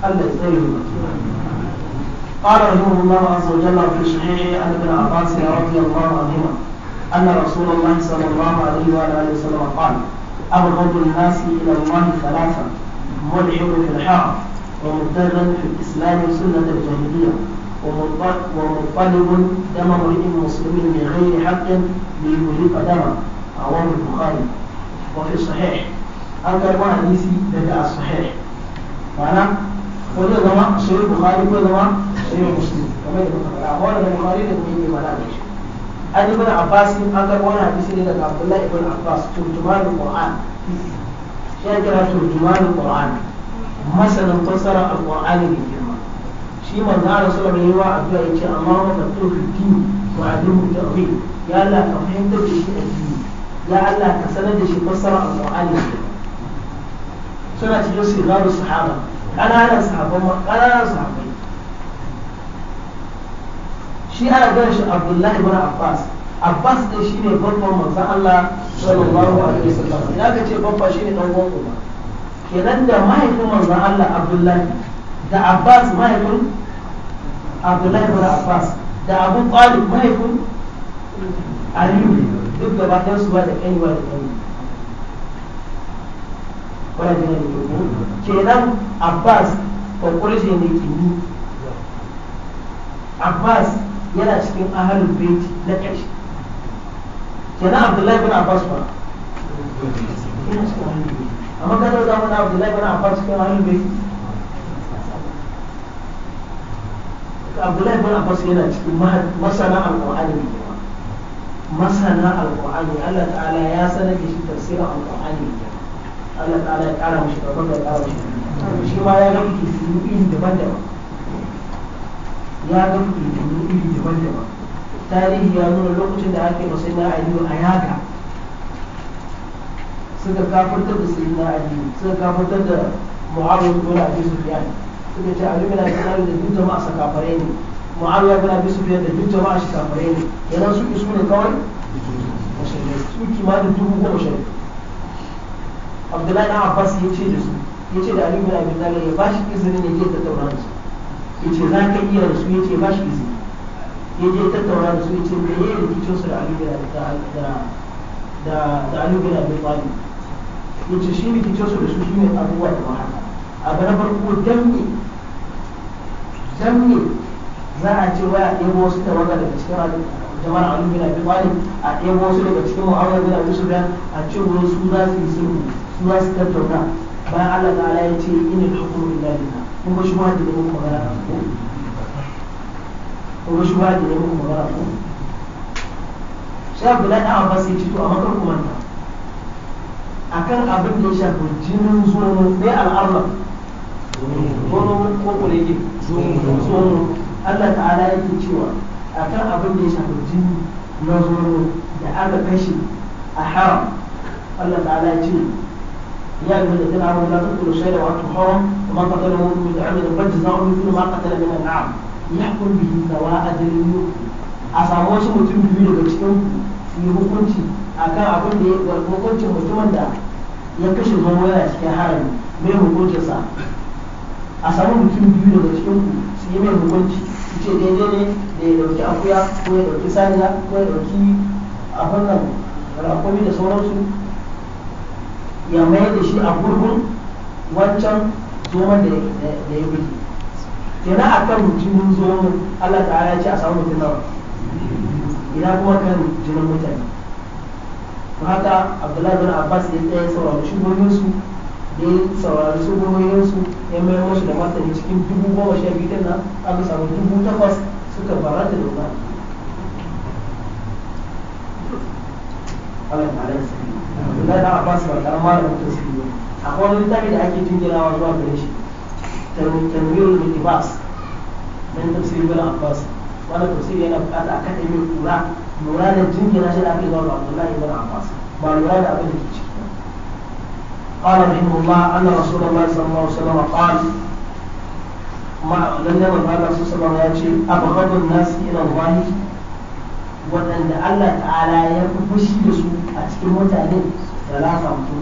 Allah ya tsare mu قال رحمه الله عز وجل في صحيح عن ابن عباس رضي الله عنهما أن رسول الله صلى الله عليه وآله وسلم قال أبغض الناس إلى الله ثلاثة ملعب في الحق ومضطر في الإسلام سنة الجاهلية ومطلب دم امرئ مسلم بغير حق ليهلك دمه رواه البخاري وفي الصحيح an ما حديثي daga الصحيح معنا كل زمان zai البخاري كل زمان ko مسلم sahih muslim kamar da muka faɗa an ibn abbas an karɓo wani hadisi ne daga abdullahi ibn abbas turjumanul qur'an shi ya kira turjumanul qur'an masanin fassara alqur'ani mai girma shi manzo Allah sallallahu alaihi wa sallam ya ce amma wa fi din wa alimu ta'wil ya Allah ka fahimtar da shi addini ya Allah ka sanar da shi fassara alqur'ani suna cikin sirrarus sahaba ƙananan sahabban ƙananan sahabban shi ana gan shi abdullahi ibn abbas abbas ne shi ne babban manzan allah sallallahu alaihi wasallam ina ka ce babba shi ne dan uwan ba kenan da mahaifin manzan allah abdullahi da abbas mahaifin abdullahi ibn abbas da abu talib mahaifin aliyu duk da ɗan su ba da kai kaiwa da kaiwa wani ne kenan abbas kwakwar shi ne kimi abbas yana cikin ahalin bait na ƙarshe kenan abdullahi bin abbas ba yana cikin ahalul bait amma abdullahi bin abbas cikin ahalin bait abdullahi bin abbas yana cikin masana alqur'ani ne masana alqur'ani Allah ta'ala ya sanar da shi tafsirin alqur'ani ne Allah ta'ala ya kara mishi gaba da ƙara mishi shi ma ya ga kike su daban-daban ya ga fitintunu iri daban-daban tarihi ya nuna lokacin da ake masai na aliyu a yaga suka kafartar da sai na aliyu suka kafartar da mu'awiyar dole a bisu fiyan suka ce aliyu na tsari da duk jama'a sa kafare ne mu'awiyar dole a bisu fiyan da duk jama'a shi kafare ne yana su isu ne kawai su kimanin dubu goma sha abdullahi na abbas ya ce da su ya ce da aliyu na bin ya ba shi izinin ya ke tattauna da su yace za ka iya rasu yace ba shi izini ya je tattauna da su yace me yayi rikicin su da Ali da da da da Ali bin Abi yace shi rikicin su da su shine abubuwa da ba haka abu farko dan me dan me za a ce waya ɗebo wasu tawaga daga cikin jama'ar Ali da Abi a ɗebo wasu daga cikin Muawiya da Abi Sufyan a ce wurin su za su yi sulhu su za su tattauna bayan Allah ta'ala ya ce inna da hukmu lillahi kun ba shubha da muku magana ko kun ba shubha da muku magana ko sai Abdullahi da Abbas ya ci to amma kar ku manta akan abin da ya shafi jinin zuwa ne al'amma ko zono ko kurege zono Allah ta'ala yake cewa akan abin da ya shafi jini na zono da aka kashe a haram Allah ta'ala ya ce يا أيها الذين آمنوا لا تقتلوا الشيء وأنتم حرم ومن قتله متعمدا فجزاؤه مثل ما قتل من النعم يحكم به سواء أجل يؤتي أسامو شي mutum biyu daga cikin su yi hukunci akan abin da ya hukunci mutumin da ya kashe zama yana cikin harami mai hukuncinsa a samu mutum biyu daga cikin ku su yi mai hukunci su ce daidai ne da ya dauki akuya ko ya dauki saniya ko ya dauki abin nan rakumi da sauransu ya mai da shi a gurgun wancan zoman da ya buge kenan a kan jinin zoman Allah ta ya ce a samu mutum nawa ina kuma kan jinin mutane to haka Abdullahi bin Abbas ya tsaya saurari shugabansu ya saurari shugabansu ya mai wasu da martani cikin dubu goma sha biyu din nan aka samu dubu takwas suka barata da wannan Allah ala yi sani Abdullahi da Abbas ba karamar mutum su ne akwai wani littafi da ake jingirawa zuwa gare shi tanwirul mitibas dan tafsirin bin Abbas wannan tafsiri yana bukata a kada mai kura lura da jingina shi da ake zuwa ga Abdullahi bin Abbas ba lura da abin da ke ciki قال رحمه الله أن رسول الله صلى الله عليه وسلم قال ما لم يمن هذا صلى الله عليه وسلم أبغض الناس إلى الله waɗanda Allah ta'ala ya fi fushi da su a cikin mutane salasa mutum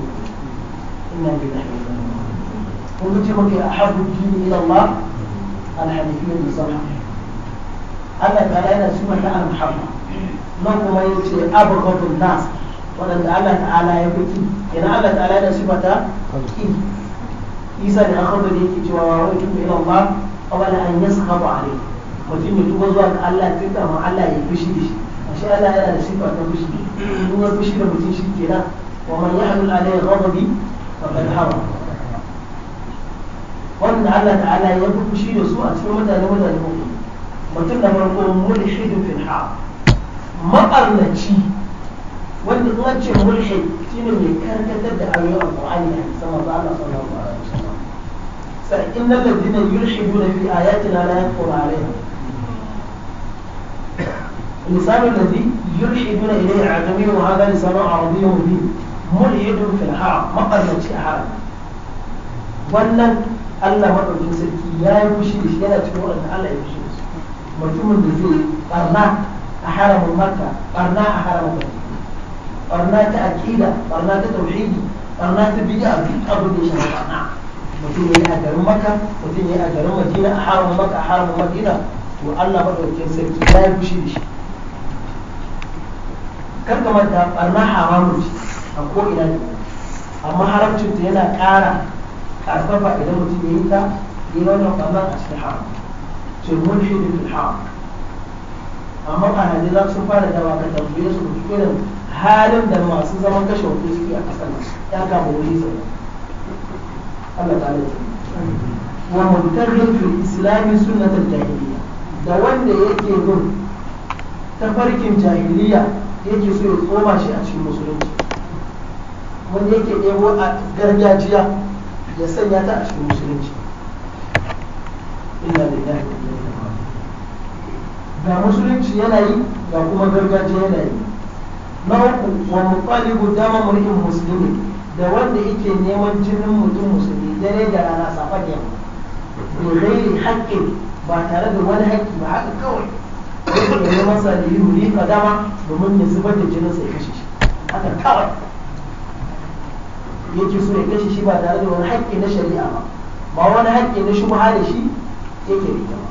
inna billahi kun ce muke a haɗu dini ila Allah alhanifiyar musamman Allah ta'ala yana suna ta al-muhamma nan kuma ya ce abubuwan nas waɗanda Allah ta'ala ya fi ki idan Allah ta'ala yana suna ta ki isa ne akwai da yake cewa wa wani tuba ila Allah kawai an yasa kaba a rai mutum ya tuba zuwa ga Allah tuka ma Allah ya fushi da shi shi Allah yana da sifa ta fushi in ya fushi da mutum shi ke kenan wa man yahmil alayhi ghadabi faqad hawa wanda Allah ta'ala ya fi fushi da su a cikin mutane mutane uku mutum da farko mulhidun fil ha mabarnaci wanda kuma ce mulhid shine mai karkatar da ayoyin alqur'ani da sama ba Allah sallallahu alaihi wasallam sai innal ladina yulhiduna fi ayatina la yaqulu alaihim مثال الذي يلحدون إليه عجمي وهذا لسان عربي مبين ملحد في الحرم مقصد شيء حرم wannan Allah maɗaukin sarki ya yi fushi da shi yana cikin waɗanda Allah ya fushi da su mutumin da zai barna a haramin makka barna a haramin makka barna ta aƙida barna ta tauhidi barna ta bid'a duk abin da ya yi ya yi a a to Allah maɗaukin sarki ya yi kar ka manta barna haramu ce a ko ina ne amma haramcin ta yana ƙara karfafa idan mutum ya yi ta yi wannan barna a cikin haram ce mun shi da haram amma a ƙanadi za su fara dawa ka tambaye su mutu irin halin da masu zaman kashe wuce suke a ƙasar ya kama wuri sau Allah ta wa mutar fil islami sunnatul jahiliya da wanda yake bin tafarkin jahiliya yake so ya koma shi a cikin musulunci wanda yake ɗebo a gargajiya ya sanya ta a cikin musulunci ina da ga musulunci yana yi ga kuma gargajiya yana yi na uku wa muqalibu dama mulkin musulmi da wanda yake neman jinin mutum musulmi dare da rana safa da yamma domin haƙƙin ba tare da wani haƙƙi ba haka kawai wanda neman masa da yi dama domin ya zubar da jininsa ya kashe shi haka kawai yake so ya kashe shi ba tare da wani haƙƙi na shari'a ba ba wani haƙƙi na shubha da shi ke rike ba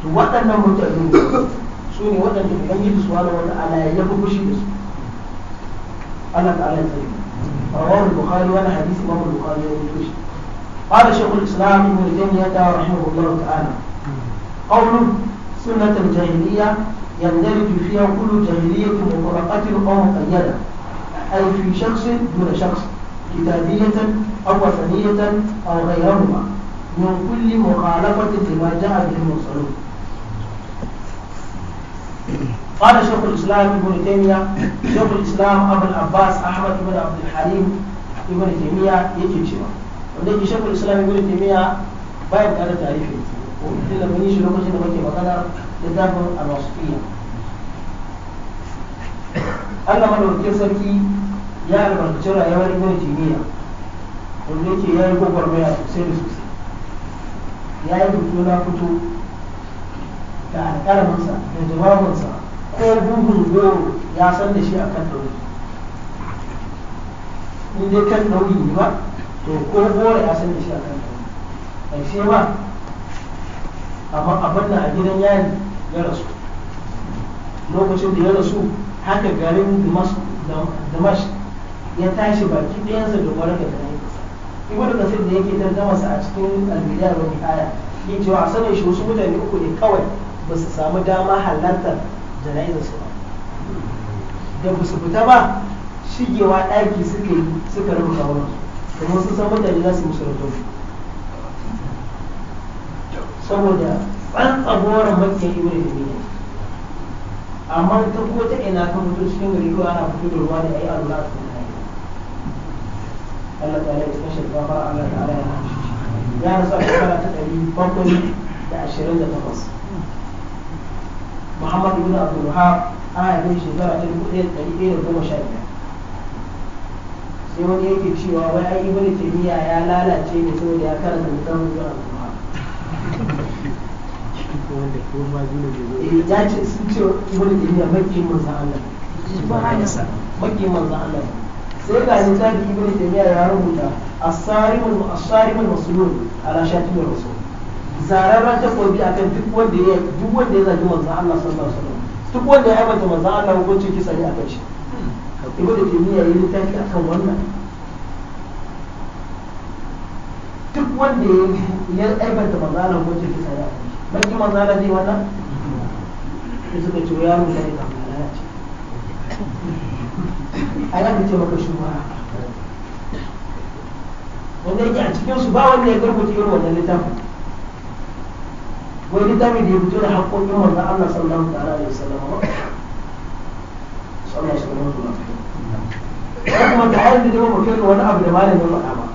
to waɗannan mutane su ne waɗanda ubangiji subhanahu wa ta'ala ya yafi fushi da su Allah ta'ala ya tsare rawahu al-bukhari wa hadith ba al-bukhari ya rawaito shi qala shaykh al-islam ibn taymiyyah rahimahullah ta'ala qawlu sunnat al يندرج فيها كل جاهلية ومرقة أو مقيدة أي في شخص دون شخص كتابية أو وثنية أو غيرهما من كل مخالفة لما جاء به المرسلون قال شيخ الإسلام ابن تيمية شيخ الإسلام أبو العباس أحمد بن عبد الحليم ابن تيمية يجي شيخ ولكن شيخ الإسلام ابن تيمية بايد على تعريفه وإلا لما يجي لو كنت مكي مقدر a littafin alwasfiya Allah madaukakin sarki ya albarkaci rayuwar ibn jiniya wanda yake ya yi gwagwarmaya sosai da sosai ya yi fito na fito da alƙalaminsa da jawabinsa ko bugun goro ya san da shi a kan ɗauri in dai kan ɗauri ne ba to ko goro ya san da shi a kan ɗauri ƙarshe ba amma abin da a gidan yari ya rasu lokacin da ya rasu haka garin damash ya tashi baki ɗayansa da kwarar da garin kasa ibn kasir da yake tarjamasa a cikin albidiya da wani yin cewa a sanin shi wasu mutane uku ne kawai ba su samu dama halartar su ba da ba su fita ba shigewa ɗaki suka yi suka rubuta wani domin sun san mutane za su musu rubutu saboda an tsagoran makiyayi wani da ne amma ta ko ta ina ka mutu cikin gari ko ana fito da ruwa da ai Allah ta ne Allah ta'ala ya cikin shirkafa Allah ta'ala ya hamshi ya rasu a shekara ta ɗari bakwai da ashirin da takwas Muhammad ibn Abdul Wahab ana yin shekara ta dubu ɗaya da ɗari ɗaya da goma sha biyar sai wani yake cewa wai ai ibn taymiya ya lalace ne saboda ya karanta mutum zuwa Eh, ya ce sun ce wani jami'a mafi manzan Allah subhanallah mafi manzan Allah sai ga littafi ibn jami'a ya rubuta as-sarimul as-sarimul masulun ala shatimir rasul zararra ta kobi akan duk wanda ya duk wanda ya zagi manzan Allah sallallahu alaihi wasallam duk wanda ya aibata manzan Allah hukuncin kisa ne akan shi ibn jami'a ya yi littafi akan wannan duk wanda ya ya aibanta manzana wajen kisa ya baki manzana zai wannan da suka ce ya rusa ne kamar ya ce a yana ce maka shuwa wanda yake a cikin su ba wanda ya garbuta irin wannan littafin wani littafi da ya fito da haƙoƙin wanda Allah sallallahu ta'ala da ya sallama ba sallallahu ta'ala da ya alaihi wasallam kuma da hayar da ya mafi wani abu da malamin faɗa ba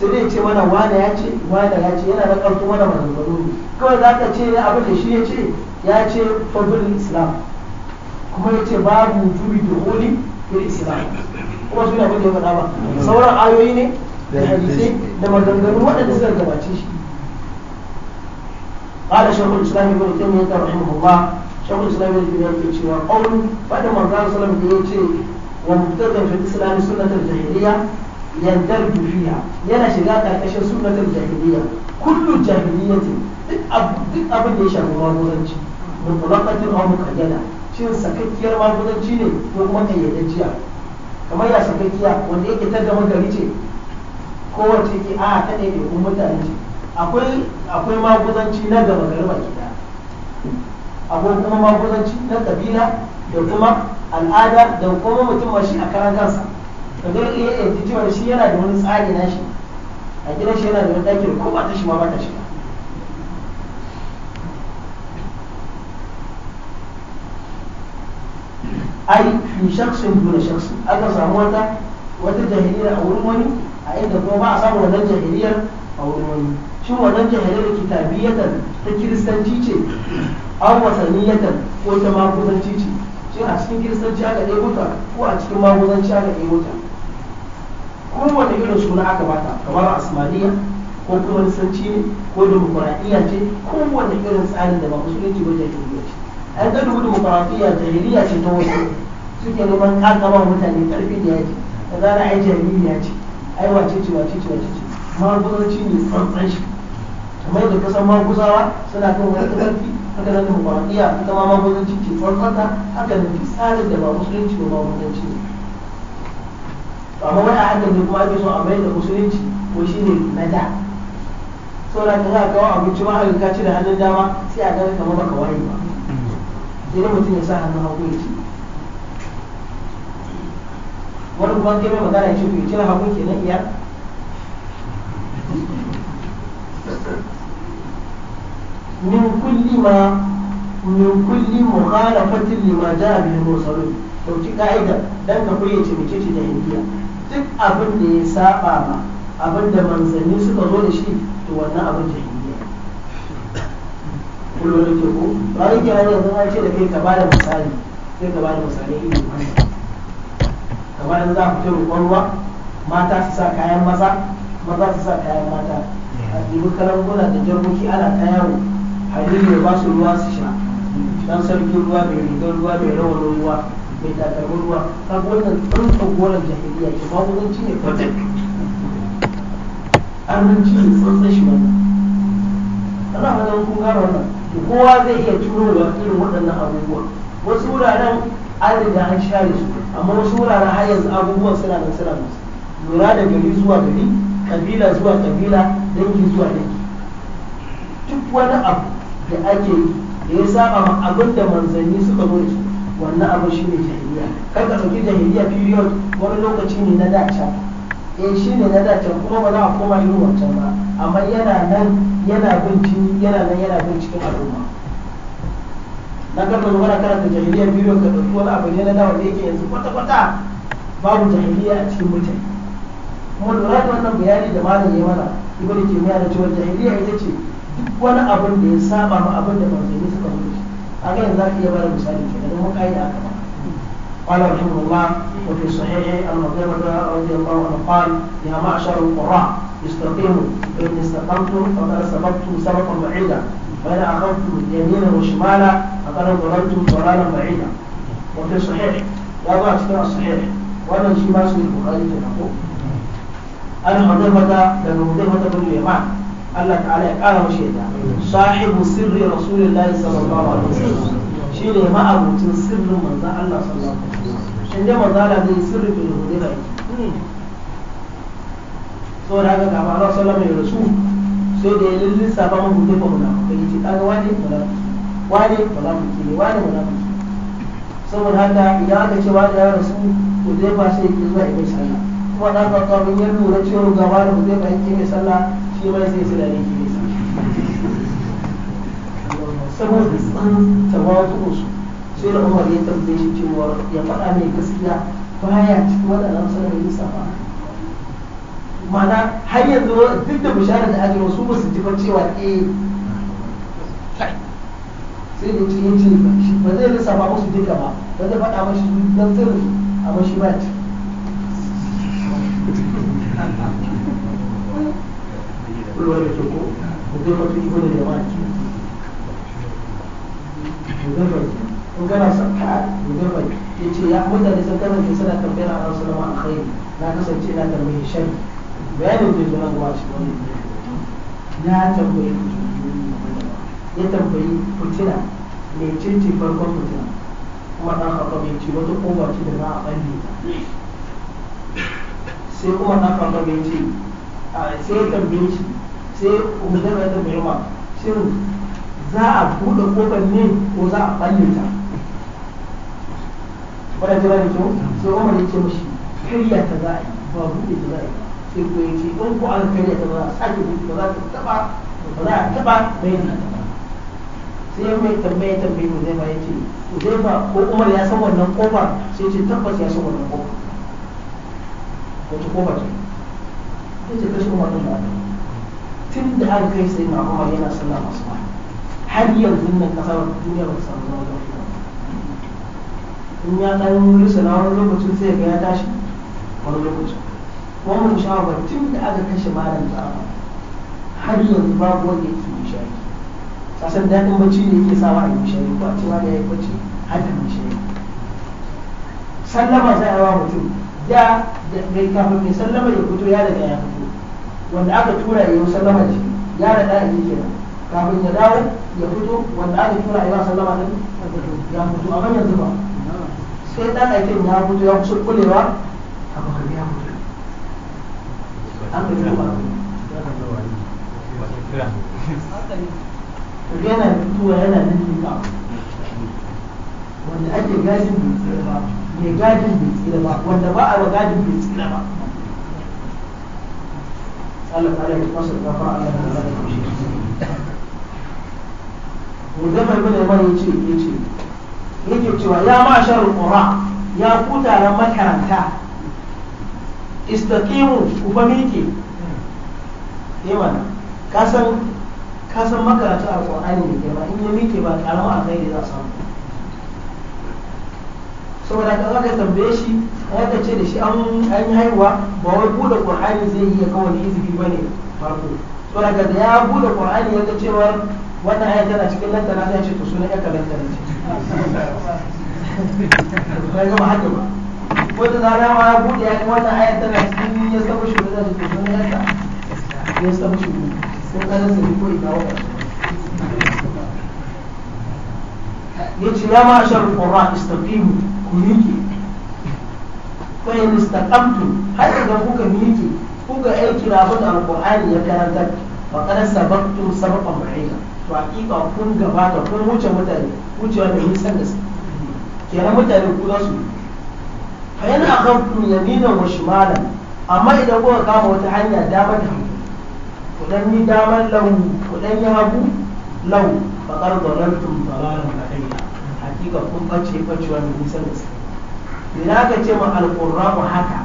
sai dai ce mana wane ya ce wane ya ce yana da karfi mana maganganu kawai za ka ce abin da shi ya ce ya ce fadlul islam kuma ya ce babu jubi da holi fil islam kuma su ne abin da ya faɗa ba sauran ayoyi ne da hadisai da maganganu waɗanda suka gabace shi قال شيخ الاسلام ابن تيميه رحمه الله شيخ الاسلام ابن تيميه قول بعد ما قال صلى الله عليه وسلم ومبتدا في الاسلام سنه الجاهليه يندرج فيها yana shiga karkashin sunatar jahiliya kullu jahiliya ce duk abin da ya shafi maguzanci mutlaqatin aw muqayyada shin sakakkiyar maguzanci ne ko kuma kayyadajiya kamar ya sakakkiya wanda yake ta da gari ce ko wace ki a ta ne ko mutane ce akwai akwai maguzanci na gaba gari baki daya akwai kuma maguzanci na kabila da kuma al'ada da kuma mutum ma shi a karan kansa kaga iya ɗauki cewa shi yana da wani tsari na shi a gidan shi yana da wani ɗakin ko ba ta shi ma ba ta shi ai fi shaksin duna shaksin aka samu wata wata jahiliya a wurin wani a inda kuma ba a samu wannan jahiliyar a wurin wani shin wannan jahiliyar da kitabiyatan ta kiristanci ce an wasaniyatan ko ta magudanci ce shin a cikin kiristanci aka ɗebo ta ko a cikin magudanci aka ɗebo ta kowane irin suna aka bata kamar asmaniya ko kuma nisanci ne ko demokuraɗiyya ce kowane irin tsarin da ba musulunci ba jahiliya ce an ga dubu demokuraɗiyya jahiliya ce ta wasu suke neman ƙaƙaba mutane karfi da yaki da zara ai jahiliya ce ai wace ce wace ce wace ce maguzanci ne tsantsan shi kamar da kusan maguzawa suna kan wani ƙarfi haka nan demokuraɗiyya ita ma maguzanci ce tsantsanta haka nan tsarin da ba musulunci ba maguzanci ne amma wani a ne kuma ake so a da musulunci ko shi ne na da saboda ka za kawo abinci ma haka ka ci da hannun dama sai a gani kamar baka waye ba sai dai mutum ya sa hannun hagu ya ci wani kuma ke mai magana ya ce ku cire hagu ke na iya min kulli ma min kulli mukhalafatin lima ja'a bihi mursalun dauki ka'ida dan ka koyi ce mece ce da hindiya duk abin da ya saba ma abin da manzanni suka zo da shi to wannan abin jahiliya kullum da ke ko ba yi ke hanyar zan ce da kai ka ba da misali sai ka ba da misali irin wannan kamar yanzu za a fito roƙon ruwa mata su sa kayan maza maza su sa kayan mata a ɗibi karambuna da jarmuki ana ta yawo halilu ne ba su ruwa su sha dan sarki ruwa mai rigar ruwa mai rawar ruwa mai takalmin ruwa kaga wannan tsantsan goron jahiliya ke magudanci ne kwatak arnanci ne tsantsan shi wannan ana wajen kun gara wannan kowa zai iya turo da irin waɗannan abubuwa wasu wuraren an riga an share su amma wasu wuraren har yanzu abubuwan suna nan suna musu lura da gari zuwa gari kabila zuwa kabila dangi zuwa dangi duk wani abu da ake yi da ya saba ma abin da manzanni suka zo da su wannan abu shi ne jahiliya kai ka ɗauki jahiliya period wani lokaci ne na dace eh shi ne na dace kuma ba za a koma irin wancan ba amma yana nan yana bin jini yana nan yana bin cikin al'umma na karɓar magana karanta jahiliya period ka ɗauki wani abu ne na dawa da yake yanzu kwata-kwata babu jahiliya a cikin mutane kuma lura da wannan bayani da malam ya mana ibnu kimiyya da cewa jahiliya ita ce duk wani abin da ya saba ma abin da manzanni suka mutu هذا ذلك يبقى المسائل كده هو قاعدة أكبر قال رحمه الله وفي صحيح أن قتيبة رضي الله عنه قال يا معشر القراء استقيموا فإن استقمتم فقد سبقتم سبقا بعيدا فإن أخذتم يمينا وشمالا فقد ضللتم ضلالا بعيدا وفي صحيح يا بعض كتاب صحيح وأنا شيء ما البخاري في الحقوق أنا قتيبة لأن قتيبة بن اليمان Allah ta'ala ya kara mashi yadda sahibu sirri rasulullahi sallallahu alaihi wasallam shine ma'abucin sirrin manzon Allah sallallahu alaihi wasallam inda manzon Allah zai sirri bil hudayra saboda haka ga ma Allah sallallahu alaihi wasallam sai da ya lissa ba mu hudayra mun ka yi kaga wani wani munafiki ne wani wala munafiki saboda haka idan aka ce wani ya rasu hudayra sai ya zuwa ibn sallah kuma dan ka kawai ya lura cewa gaba da hudayra yake sallah shi ma sai su dare ki nesa saboda tsan tawakunsu sai da umar ya tambaye shi cewa ya faɗa mai gaskiya baya cikin waɗannan sanar nisa ba mana har yanzu duk da bishara da ake wasu ba su ji ba cewa eh sai da cikin shi. ba zai ba su duka ba ba zai faɗa mashi don sirri amma shi ba ci kullu wani ke ko huzaifatu ibn al-yaman huzaifatu in kana son ka huzaifatu ya ce ya mutane sun kasance suna tambayar a rasu lama a kai na kasance na tambayi shan bayanin da zuwa zuwa shi wani na tambayi ya tambayi fitina mai cinci farkon fitina kuma ɗan haka mai ci wata kowa da za a ɓalle sai kuma ɗan haka mai ci sai tambayi shi sai umar da tambaye umar shin za a buɗe kofar ne ko za a balle ta wadda jira da kyau sai umar ya ce mashi karya ta za a yi ba buɗe ta za a yi sai ko ya ce in ko an karya ta za a sake buɗe ba za ta taɓa ba za a taɓa bayyana ta ba sai mai tambaye tambaye Uzaifa ya ce Uzaifa ko Umar ya san wannan kofar sai ce tabbas ya san wannan kofar wata kofa ce ta ce kashe Umar ta ba tun da aka kai sai na umar yana sallah masu ba har yanzu nan kasar duniya ba ta samu zama lafiya in ya ɗan rusa na wani lokacin sai ga ya tashi wani lokacin Kuma wannan shawar tun da aka kashe malam tsara har yanzu babu wanda yake mishari kasan daɗin bacci ne yake sawa a yi a ce ma da ya yi bacci har da mishari sallama sai a yawa mutum da bai kafin mai sallama ya fito ya daga ya fito wanda aka tura ya yi sallama ce ya da da yi kenan kafin ya dawo ya fito wanda aka tura ya sallama din ya fito amma yanzu ba sai dan aikin ya fito ya kusa kulewa abu kabi ya fito an ga yi ba yana fitowa yana nufin ka wanda ake gadin bai tsira ba mai gadin bai tsira ba wanda ba a gadin bai tsira ba ألف mai الفصل فقرأ ألف عليه ya ce ya ce yake cewa ya ma'ashar qura ya ku taron makaranta istaqimu ku fa miƙe eh makaranta alqur'ani ne ba in ya ba karamin alkhairi za a samu saboda ka zaka tambaye shi wanda ce da shi an an haihuwa ba wai bude qur'ani zai yi kawai izini bane farko saboda ka da ya bude qur'ani ya ga cewa wannan aya tana cikin lantana sai ce to sunan ce ga ba da zara ya ya ce ya ma shar qurra istaqimu ku miƙe fa in istaqamtu har idan kuka miƙe kuka aiki na alqur'ani ya karanta fa qad sabaqtum sabaqan ba'ida to hakika kun gabata kun wuce mutane wucewa da kenan mutane ku za su fa yana yaminan wa shimalan amma idan kuka kama wata hanya dama da hagu faƙar gwanantun balaran balaina hakika kun ɓace ɓacewa mai nisan da sai ina ka ce ma alƙurramu haka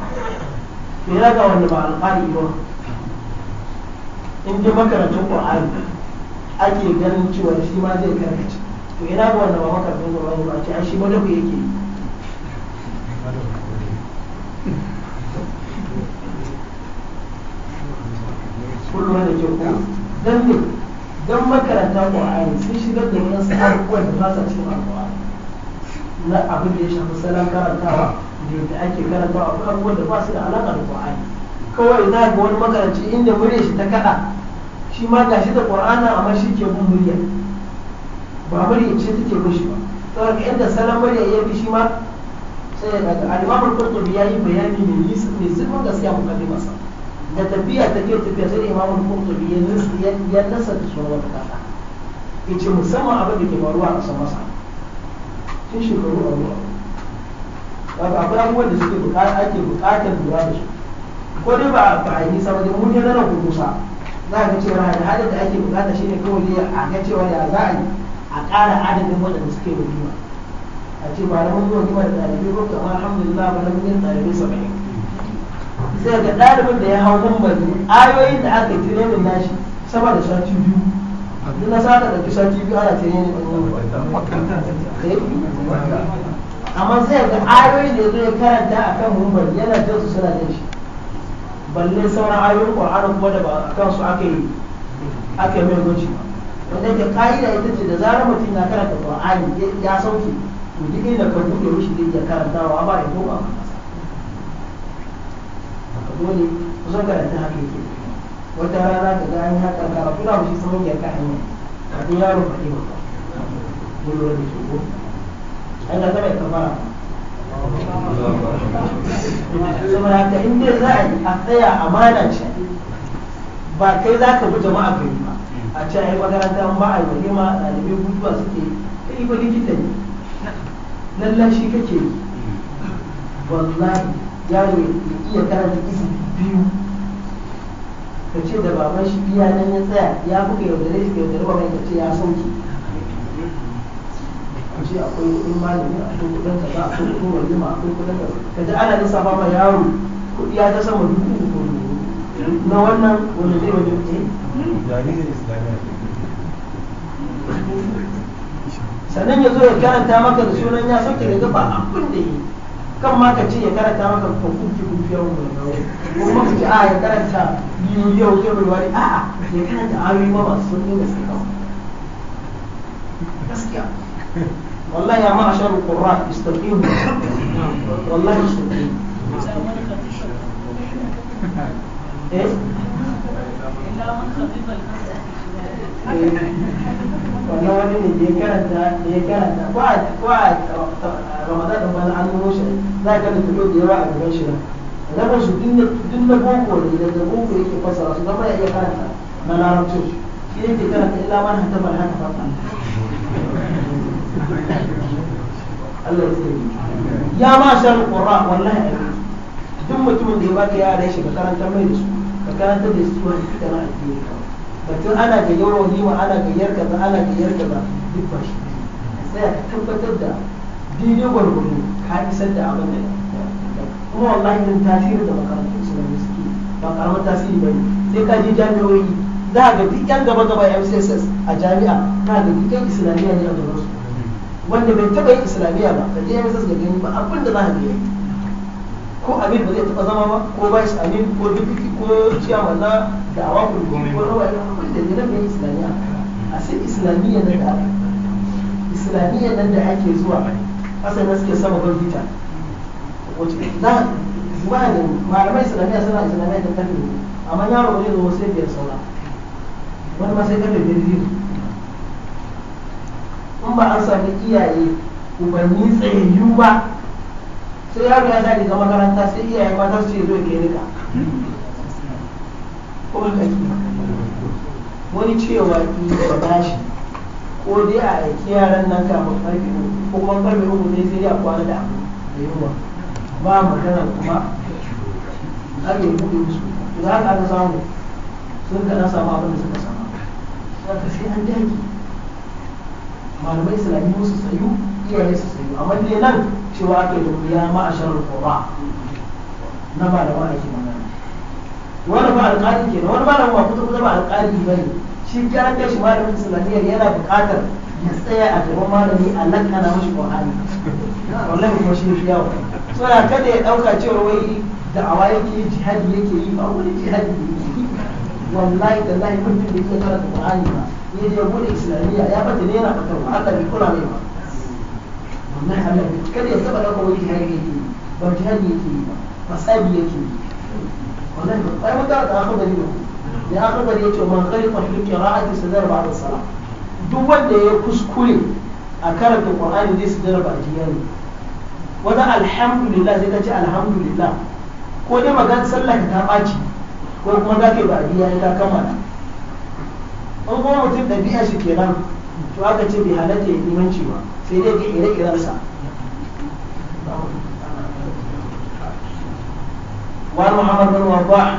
ina ga wanda ba alƙari ba in ji makarantun ƙur'ani ake ganin cewa shi ma zai karkace to ina ga wanda ba makarantun ƙur'ani ba ce an shi ma dafa yake yi kullum da ke ko dan don makaranta ƙwa'ani sun shigar da wani abubuwan da ba sa cikin alƙwa'ani na abin da ya shafi salon karantawa da yadda ake karantawa a kuma da ba su da alaƙa da ƙwa'ani kawai za ga wani makaranci inda murya shi ta kaɗa shi ma ga shi da ƙwa'ana amma shi ke bin murya ba murya ce take shi ba saboda yadda salon murya ya fi shi ma sai ya daga alimamul kurtubi ya yi bayani mai nisan mai zirfin gaskiya mukaddimasa da tafiya ta ke tafiya sai imamul qurtubi ya nasa ya nasa da sunan wata kasa yace musamman abin da ke faruwa a ƙasar masa sun shekaru a ruwa wato akwai abubuwan da suke bukata ake bukatar lura da su ko dai ba ba a yi nisa ba dai mun yana ku kusa za ka cewa da halin da ake bukata shine kawai ne a ga cewa ya za a yi a ƙara adadin waɗanda suke walima a ce ba na mun zuwa kima da ɗalibai ko kamar alhamdulillah ba na mun yi ɗalibai saba'in sai ga ɗalibin da ya hau mambari ayoyin da aka yi tirenin nashi sama da sati biyu duk na sata da sati biyu ana tirenin amma sai ga ayoyin da ya zo ya karanta a kan mambari yana jin su suna jin shi balle sauran ayoyin ƙwararren kuma da ba a su aka yi aka yi mai gwaji wanda ke ka'ida ita ce da zarar mutum ya karanta ƙwararren ya sauke to duk inda ka buɗe mishi duk ya karantawa ba ya koma dole kusan karatun haka yake wata rana ka ga an yi haka karatu na mashi saman yanka hanya kafin yaro ba ɗaya ba ko ne da ke ko an ga zama ka fara saboda haka in dai za a yi a tsaya amana ce ba kai za ka bi jama'a kai ba a ce a yi makaranta an ba a yi walima ɗalibai guduwa suke kai ba likita ne lallashi shi kake yi wallahi yaro ya iya karanta izi biyu ka ce da baban shi biya nan ya tsaya ya buga yaudare shi yaudare baban ya ce ya sauki. a ce akwai kudin malami akwai kudin kaza a kudin ma akwai kudin kaza ka ji ana ba ma yaro kudi ya ta sama dubu uku na wannan wanda zai wajen ce sannan ya zo ya karanta maka da sunan ya sauke daga ba abin da yi kan ma ka ce ya karanta maka ko kuki kuki yau ko kuma ka ce a ah, ya karanta biyu yau ke ruwa ne a'a ya karanta ayoyi ma masu sun da suka gaskiya wallahi ya ma ashar qur'an istaqimu wallahi istaqimu eh wannan wani ne da ya karanta da ya karanta ko a ko a ramadan da bana an nuna shi za ka da tulo da yawa a gaban shi na ba su din din na boko ne da da boko yake fasara su zama ya iya karanta na larabci shi ne ke karanta ila man hatta man hatta fa Allah ya tsare ya ma shar qurra wallahi duk mutumin da ya baka yara shi ka karanta mai da su ka karanta da su wani kana addini kawai batun ana gayyar wahima ana gayyar kaza ana gayyar kaza duk ba shi sai ka tabbatar da daidai gwargwaro ka isar da abin da kuma wallahi din tasiri da makarantun su ne suke ba karamar tasiri ba ne sai ka je jami'o'i za a ga duk yan gaba gaba MCSS a jami'a za a ga duk yan islamiyya ne a gaban su wanda bai taba yin islamiyya ba ka je MCSS ga gani ba abin da za a ga ko abin ba zai taba zama ba ko ba shi amin ko duk ko ciyawa na da awa ko ko rawa daga nan islamiyya a sai islamiyya nan da islamiyya nan da ake zuwa asalin suke sama ban fita wace na malamin malamai islamiyya suna islamiyya da karfe amma yaro ne zo sai biyar saura wani ma sai karfe biyar biyu in ba an sami iyaye ubanni tsayayyu ba sai yaro ya zai ga makaranta sai iyaye mata su ce zo ke nika ko ba ka wani cewa ba ba shi ko dai a aiki yaran nan kafin karfe ne ko kuma karfe uku ne sai dai a kwana da abu da yunwa ba magana kuma har yi buɗe musu to za ka ga samu sun ka na samu abin da suka samu saka sai an dage malamai musu sayu iya iyaye su sayu amma dai nan cewa ake da ya ma'ashar kuma na ba malama ake magana wani ba alƙali ke wani malam ba kuta kuta ba alƙali ba ne shi karan kashi malamin islamiyya yana buƙatar ya tsaya a gaban malami a lakana mashi ƙwa'ani wallahi kuma shi fi yawa saboda kada ya ɗauka cewa wai da awa yake jihadi yake yi ba wani jihadi yake yi wallahi da lahi mutum da yake karanta ƙwa'ani ba ya bude islamiyya ya bata ne yana fitar ba Allah bai kula mai ba wallahi Allah kada ya saba ɗauka wai jihadi yake yi ba jihadi yake yi ba fasabi yake yi wannan ai mun da ta akhbari ne ya ce yace man khalifa fi qira'ati sadar ba'da sala duk wanda ya kuskure a karanta qur'ani zai sadar ba jiyani wanda alhamdulillah zai ka alhamdulillah ko dai magana sallah ta baci ko kuma za ka yi ba'diya ta kamala in kuma mutum ɗabi'a shi kenan to aka ce bai halatta ya imanci ba sai dai ga ire-irensa وعن محمد بن وضاح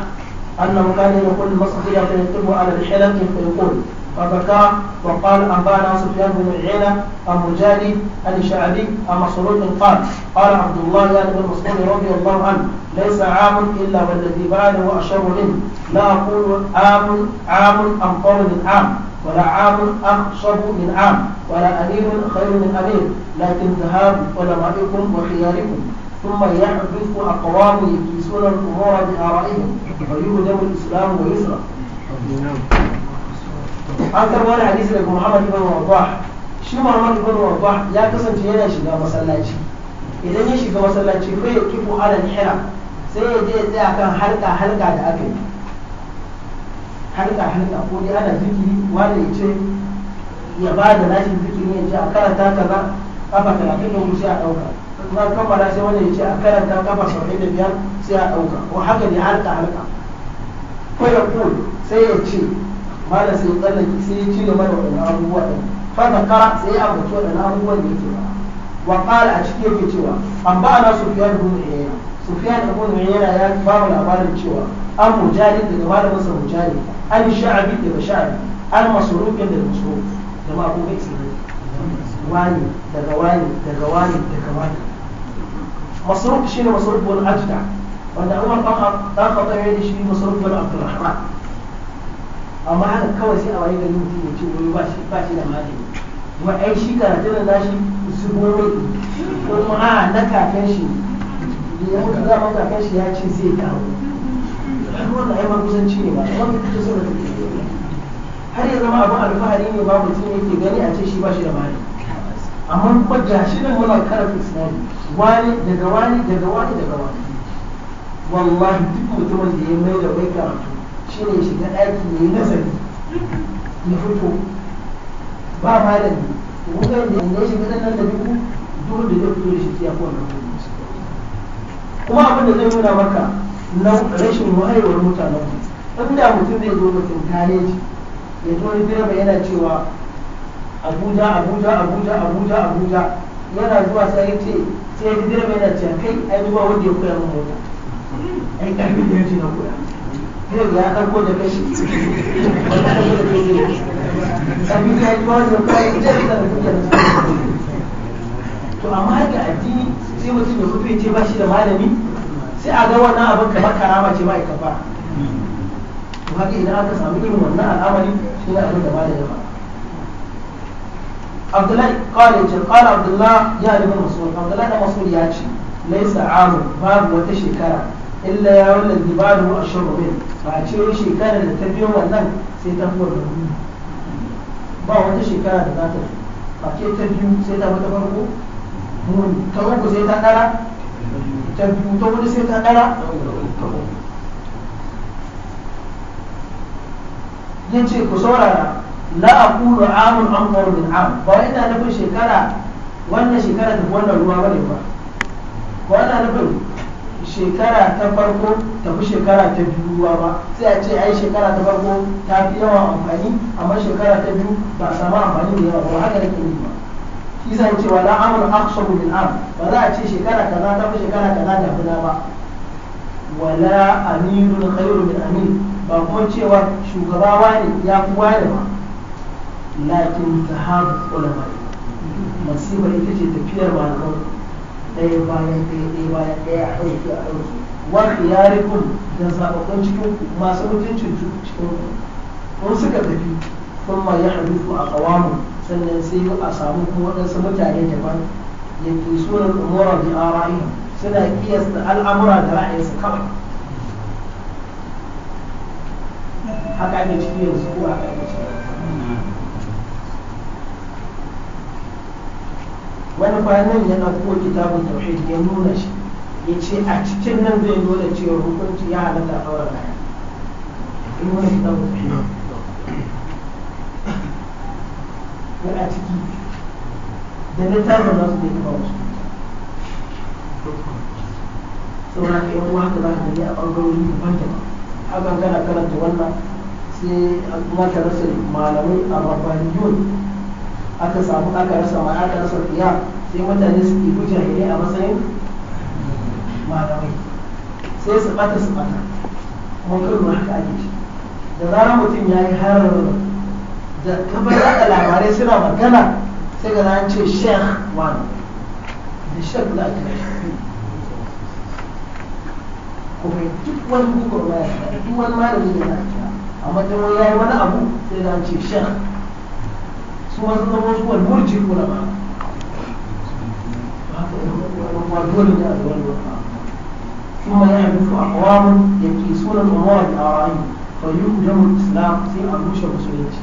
أنه كان يقول مصدية فيكتب على الحلة فيقول فبكى وقال أنبانا سفيان بن عيينة أم جالي أن شعبي أم مسروق قال قال عبد الله بن مسعود رضي الله عنه ليس عام إلا والذي بعده أشر منه لا أقول عام عام أم قول من عام ولا عام أخشب من عام ولا أمير خير من أمير لكن ذهاب علمائكم وخياركم ثم يحدث أقوام يكيسون الأمور بآرائهم فيهدم الإسلام ويسرى an karɓi wani hadisi daga muhammad ibn waddah shi muhammad ibn waddah ya kasance yana shiga masallaci idan ya shiga masallaci fa ya kifu ala hira sai ya je ya tsaya kan halka halka da aka yi halka halka ko dai ana zikiri wanda ya ce ya ba da nashin zikiri ya ce a karanta kaza kafa talatin da sai a ɗauka kuma kammala sai wanda ya ce a karanta kafa saba'in da biyar sai a ɗauka ko haka ne harka-harka. ko ya kul sai ya ce mala sai ya tsallake sai ya ci gaba da waɗannan abubuwa ɗin fata kara sai ya ambaci waɗannan abubuwan da yake ba wa ƙara a cikin yake cewa an ba na sufiyan bin uyayna sufiyan bin yana ya ba mu labarin cewa an mujahid daga malamin sa mujahid an sha'abi daga sha'abi an masruqin daga masruq jama'a ko kai wani daga wani daga wani daga wani masruf shine masruf bin ajda wanda Umar dan Khattab ya yi shi masruf bin Abdurrahman amma haka kawai sai a waye gari mutum ya ce wani ba shi ba shi da malami kuma ai shi karatu da nashi su gobe kuma a na kakan shi ya mutu da ma kakan shi ya ce zai kawo wannan ai ma kusanci ne ba amma kuke so da har ya zama abin alfahari ne ba mutum ke gani a ce shi ba shi da malami amma kuma shi nan muna karatu islami wani daga wani daga wani daga wani wallahi duk mutumin da ya mai da wai karatu shi ne shiga ɗaki ya yi nazari ya fito ba malami wukan da ya shiga nan da duk duk da ya fito da shi ya kowane kuma abin da zai nuna maka na rashin wayewar mutanen mu inda mutum zai zo mutum shi ya tori ni direba yana cewa abuja abuja abuja abuja abuja yana zuwa sai ya ce sai ya zira mai dace kai ai ba wanda ya koya min mota ai karfi da yace na koya sai ya dauko da kashi abin da ya ba wanda kai da da kuke to amma ga addini sai mutum ya fito ce ba shi da malami sai a ga wannan abin kamar karama ce ma'aikafa to haka idan aka samu irin wannan al'amari shi ne abin da malami ya abdullahi kawai ce kawai abdullahi ya yi bin masu abdullahi da masu ya ce laisa amu babu wata shekara illa ya wannan dibaru a shirobin ba a ce shekara da ta biyo wannan sai ta fi wannan ba wata shekara da za ta ba ke ta biyu sai ta wata farko ta uku sai ta ɗara ta biyu ta wani sai ta ɗara ya ce ku saurara la aqulu amun amdaru min am ba wai ina nufin shekara wannan shekara ta wannan ruwa bane ba ba ina nufin shekara ta farko ta fi shekara ta biyu ruwa ba sai a ce ai shekara ta farko ta fi yawan amfani amma shekara ta biyu ba sama amfani da yawa ba haka da nufi ba kisan cewa la amul aqsabu min am ba za a ce shekara kaza ta fi shekara kaza da fi ba wala amirun khairu min amin ba kuma cewa shugaba wani ya fi wani ba lakin zahabu ulama masifa ita ce tafiyar malaman ɗaya bayan ɗaya ɗaya bayan ɗaya a ɗauki a ɗauki ya khiyarikum da zaɓaɓɓun cikin masu mutuncin cikin kun suka tafi kun ma ya halittu a kawamu sannan sai a samu kuma waɗansu mutane daban ya fi sunan umura da arahi suna kiyasta al'amura da ra'ayinsu kawai haka ake cikin yanzu ko haka ake yanzu wani kwanan yana ko kitabun tauhid ya nuna shi ya ce a cikin nan zai nuna cewa hukunci ya halatta a ɗaura kaya in wani kitabun tauhid ya a ciki da na littafin nasu da ba wasu saura ka yi haka za ka yi a ɓangarori daban-daban a kana karanta wannan sai a kuma ka rasa malamai a rabbaniyun aka samu aka rasa ma aka rasa fiya sai mutane su ɗibu ne a matsayin malamai sai su bata su bata kuma kullum haka ake shi da zarar mutum ya yi harar da kabar yaɗa labarai suna magana sai ga an ce sheikh wani da sheikh da a shi kuma duk wani gugurwa ya duk wani malami da na kira amma wani ya yi wani abu sai da an ce sheikh su ma sun su wani murji kuna ma ba dole ne a zuwan suna ثم يعرف أقوام يكيسون الأمور بآرائهم فيقدم Islam sai أبوش المسلمين musulunci.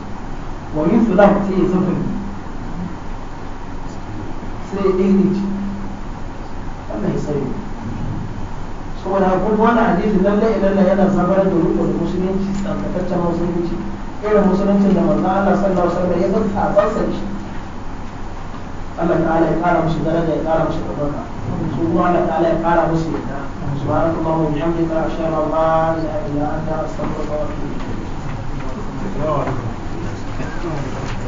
Wa في Islam sai ɗaiɗaici Sai ya sani saboda abubuwan hadisi lallai lallai yana samar da rukun musulunci tsantakaccen musulunci irin musulunci da manzo Allah sallallahu alaihi wasallam ya bar a da shi Allah ta'ala ya kara musu daraja ya kara musu ɗaukaka su kuma Allah ta'ala ya kara musu yadda سبحانك اللهم وبحمدك أشهد ya yi da an أنت أستغفرك وأتوب إليك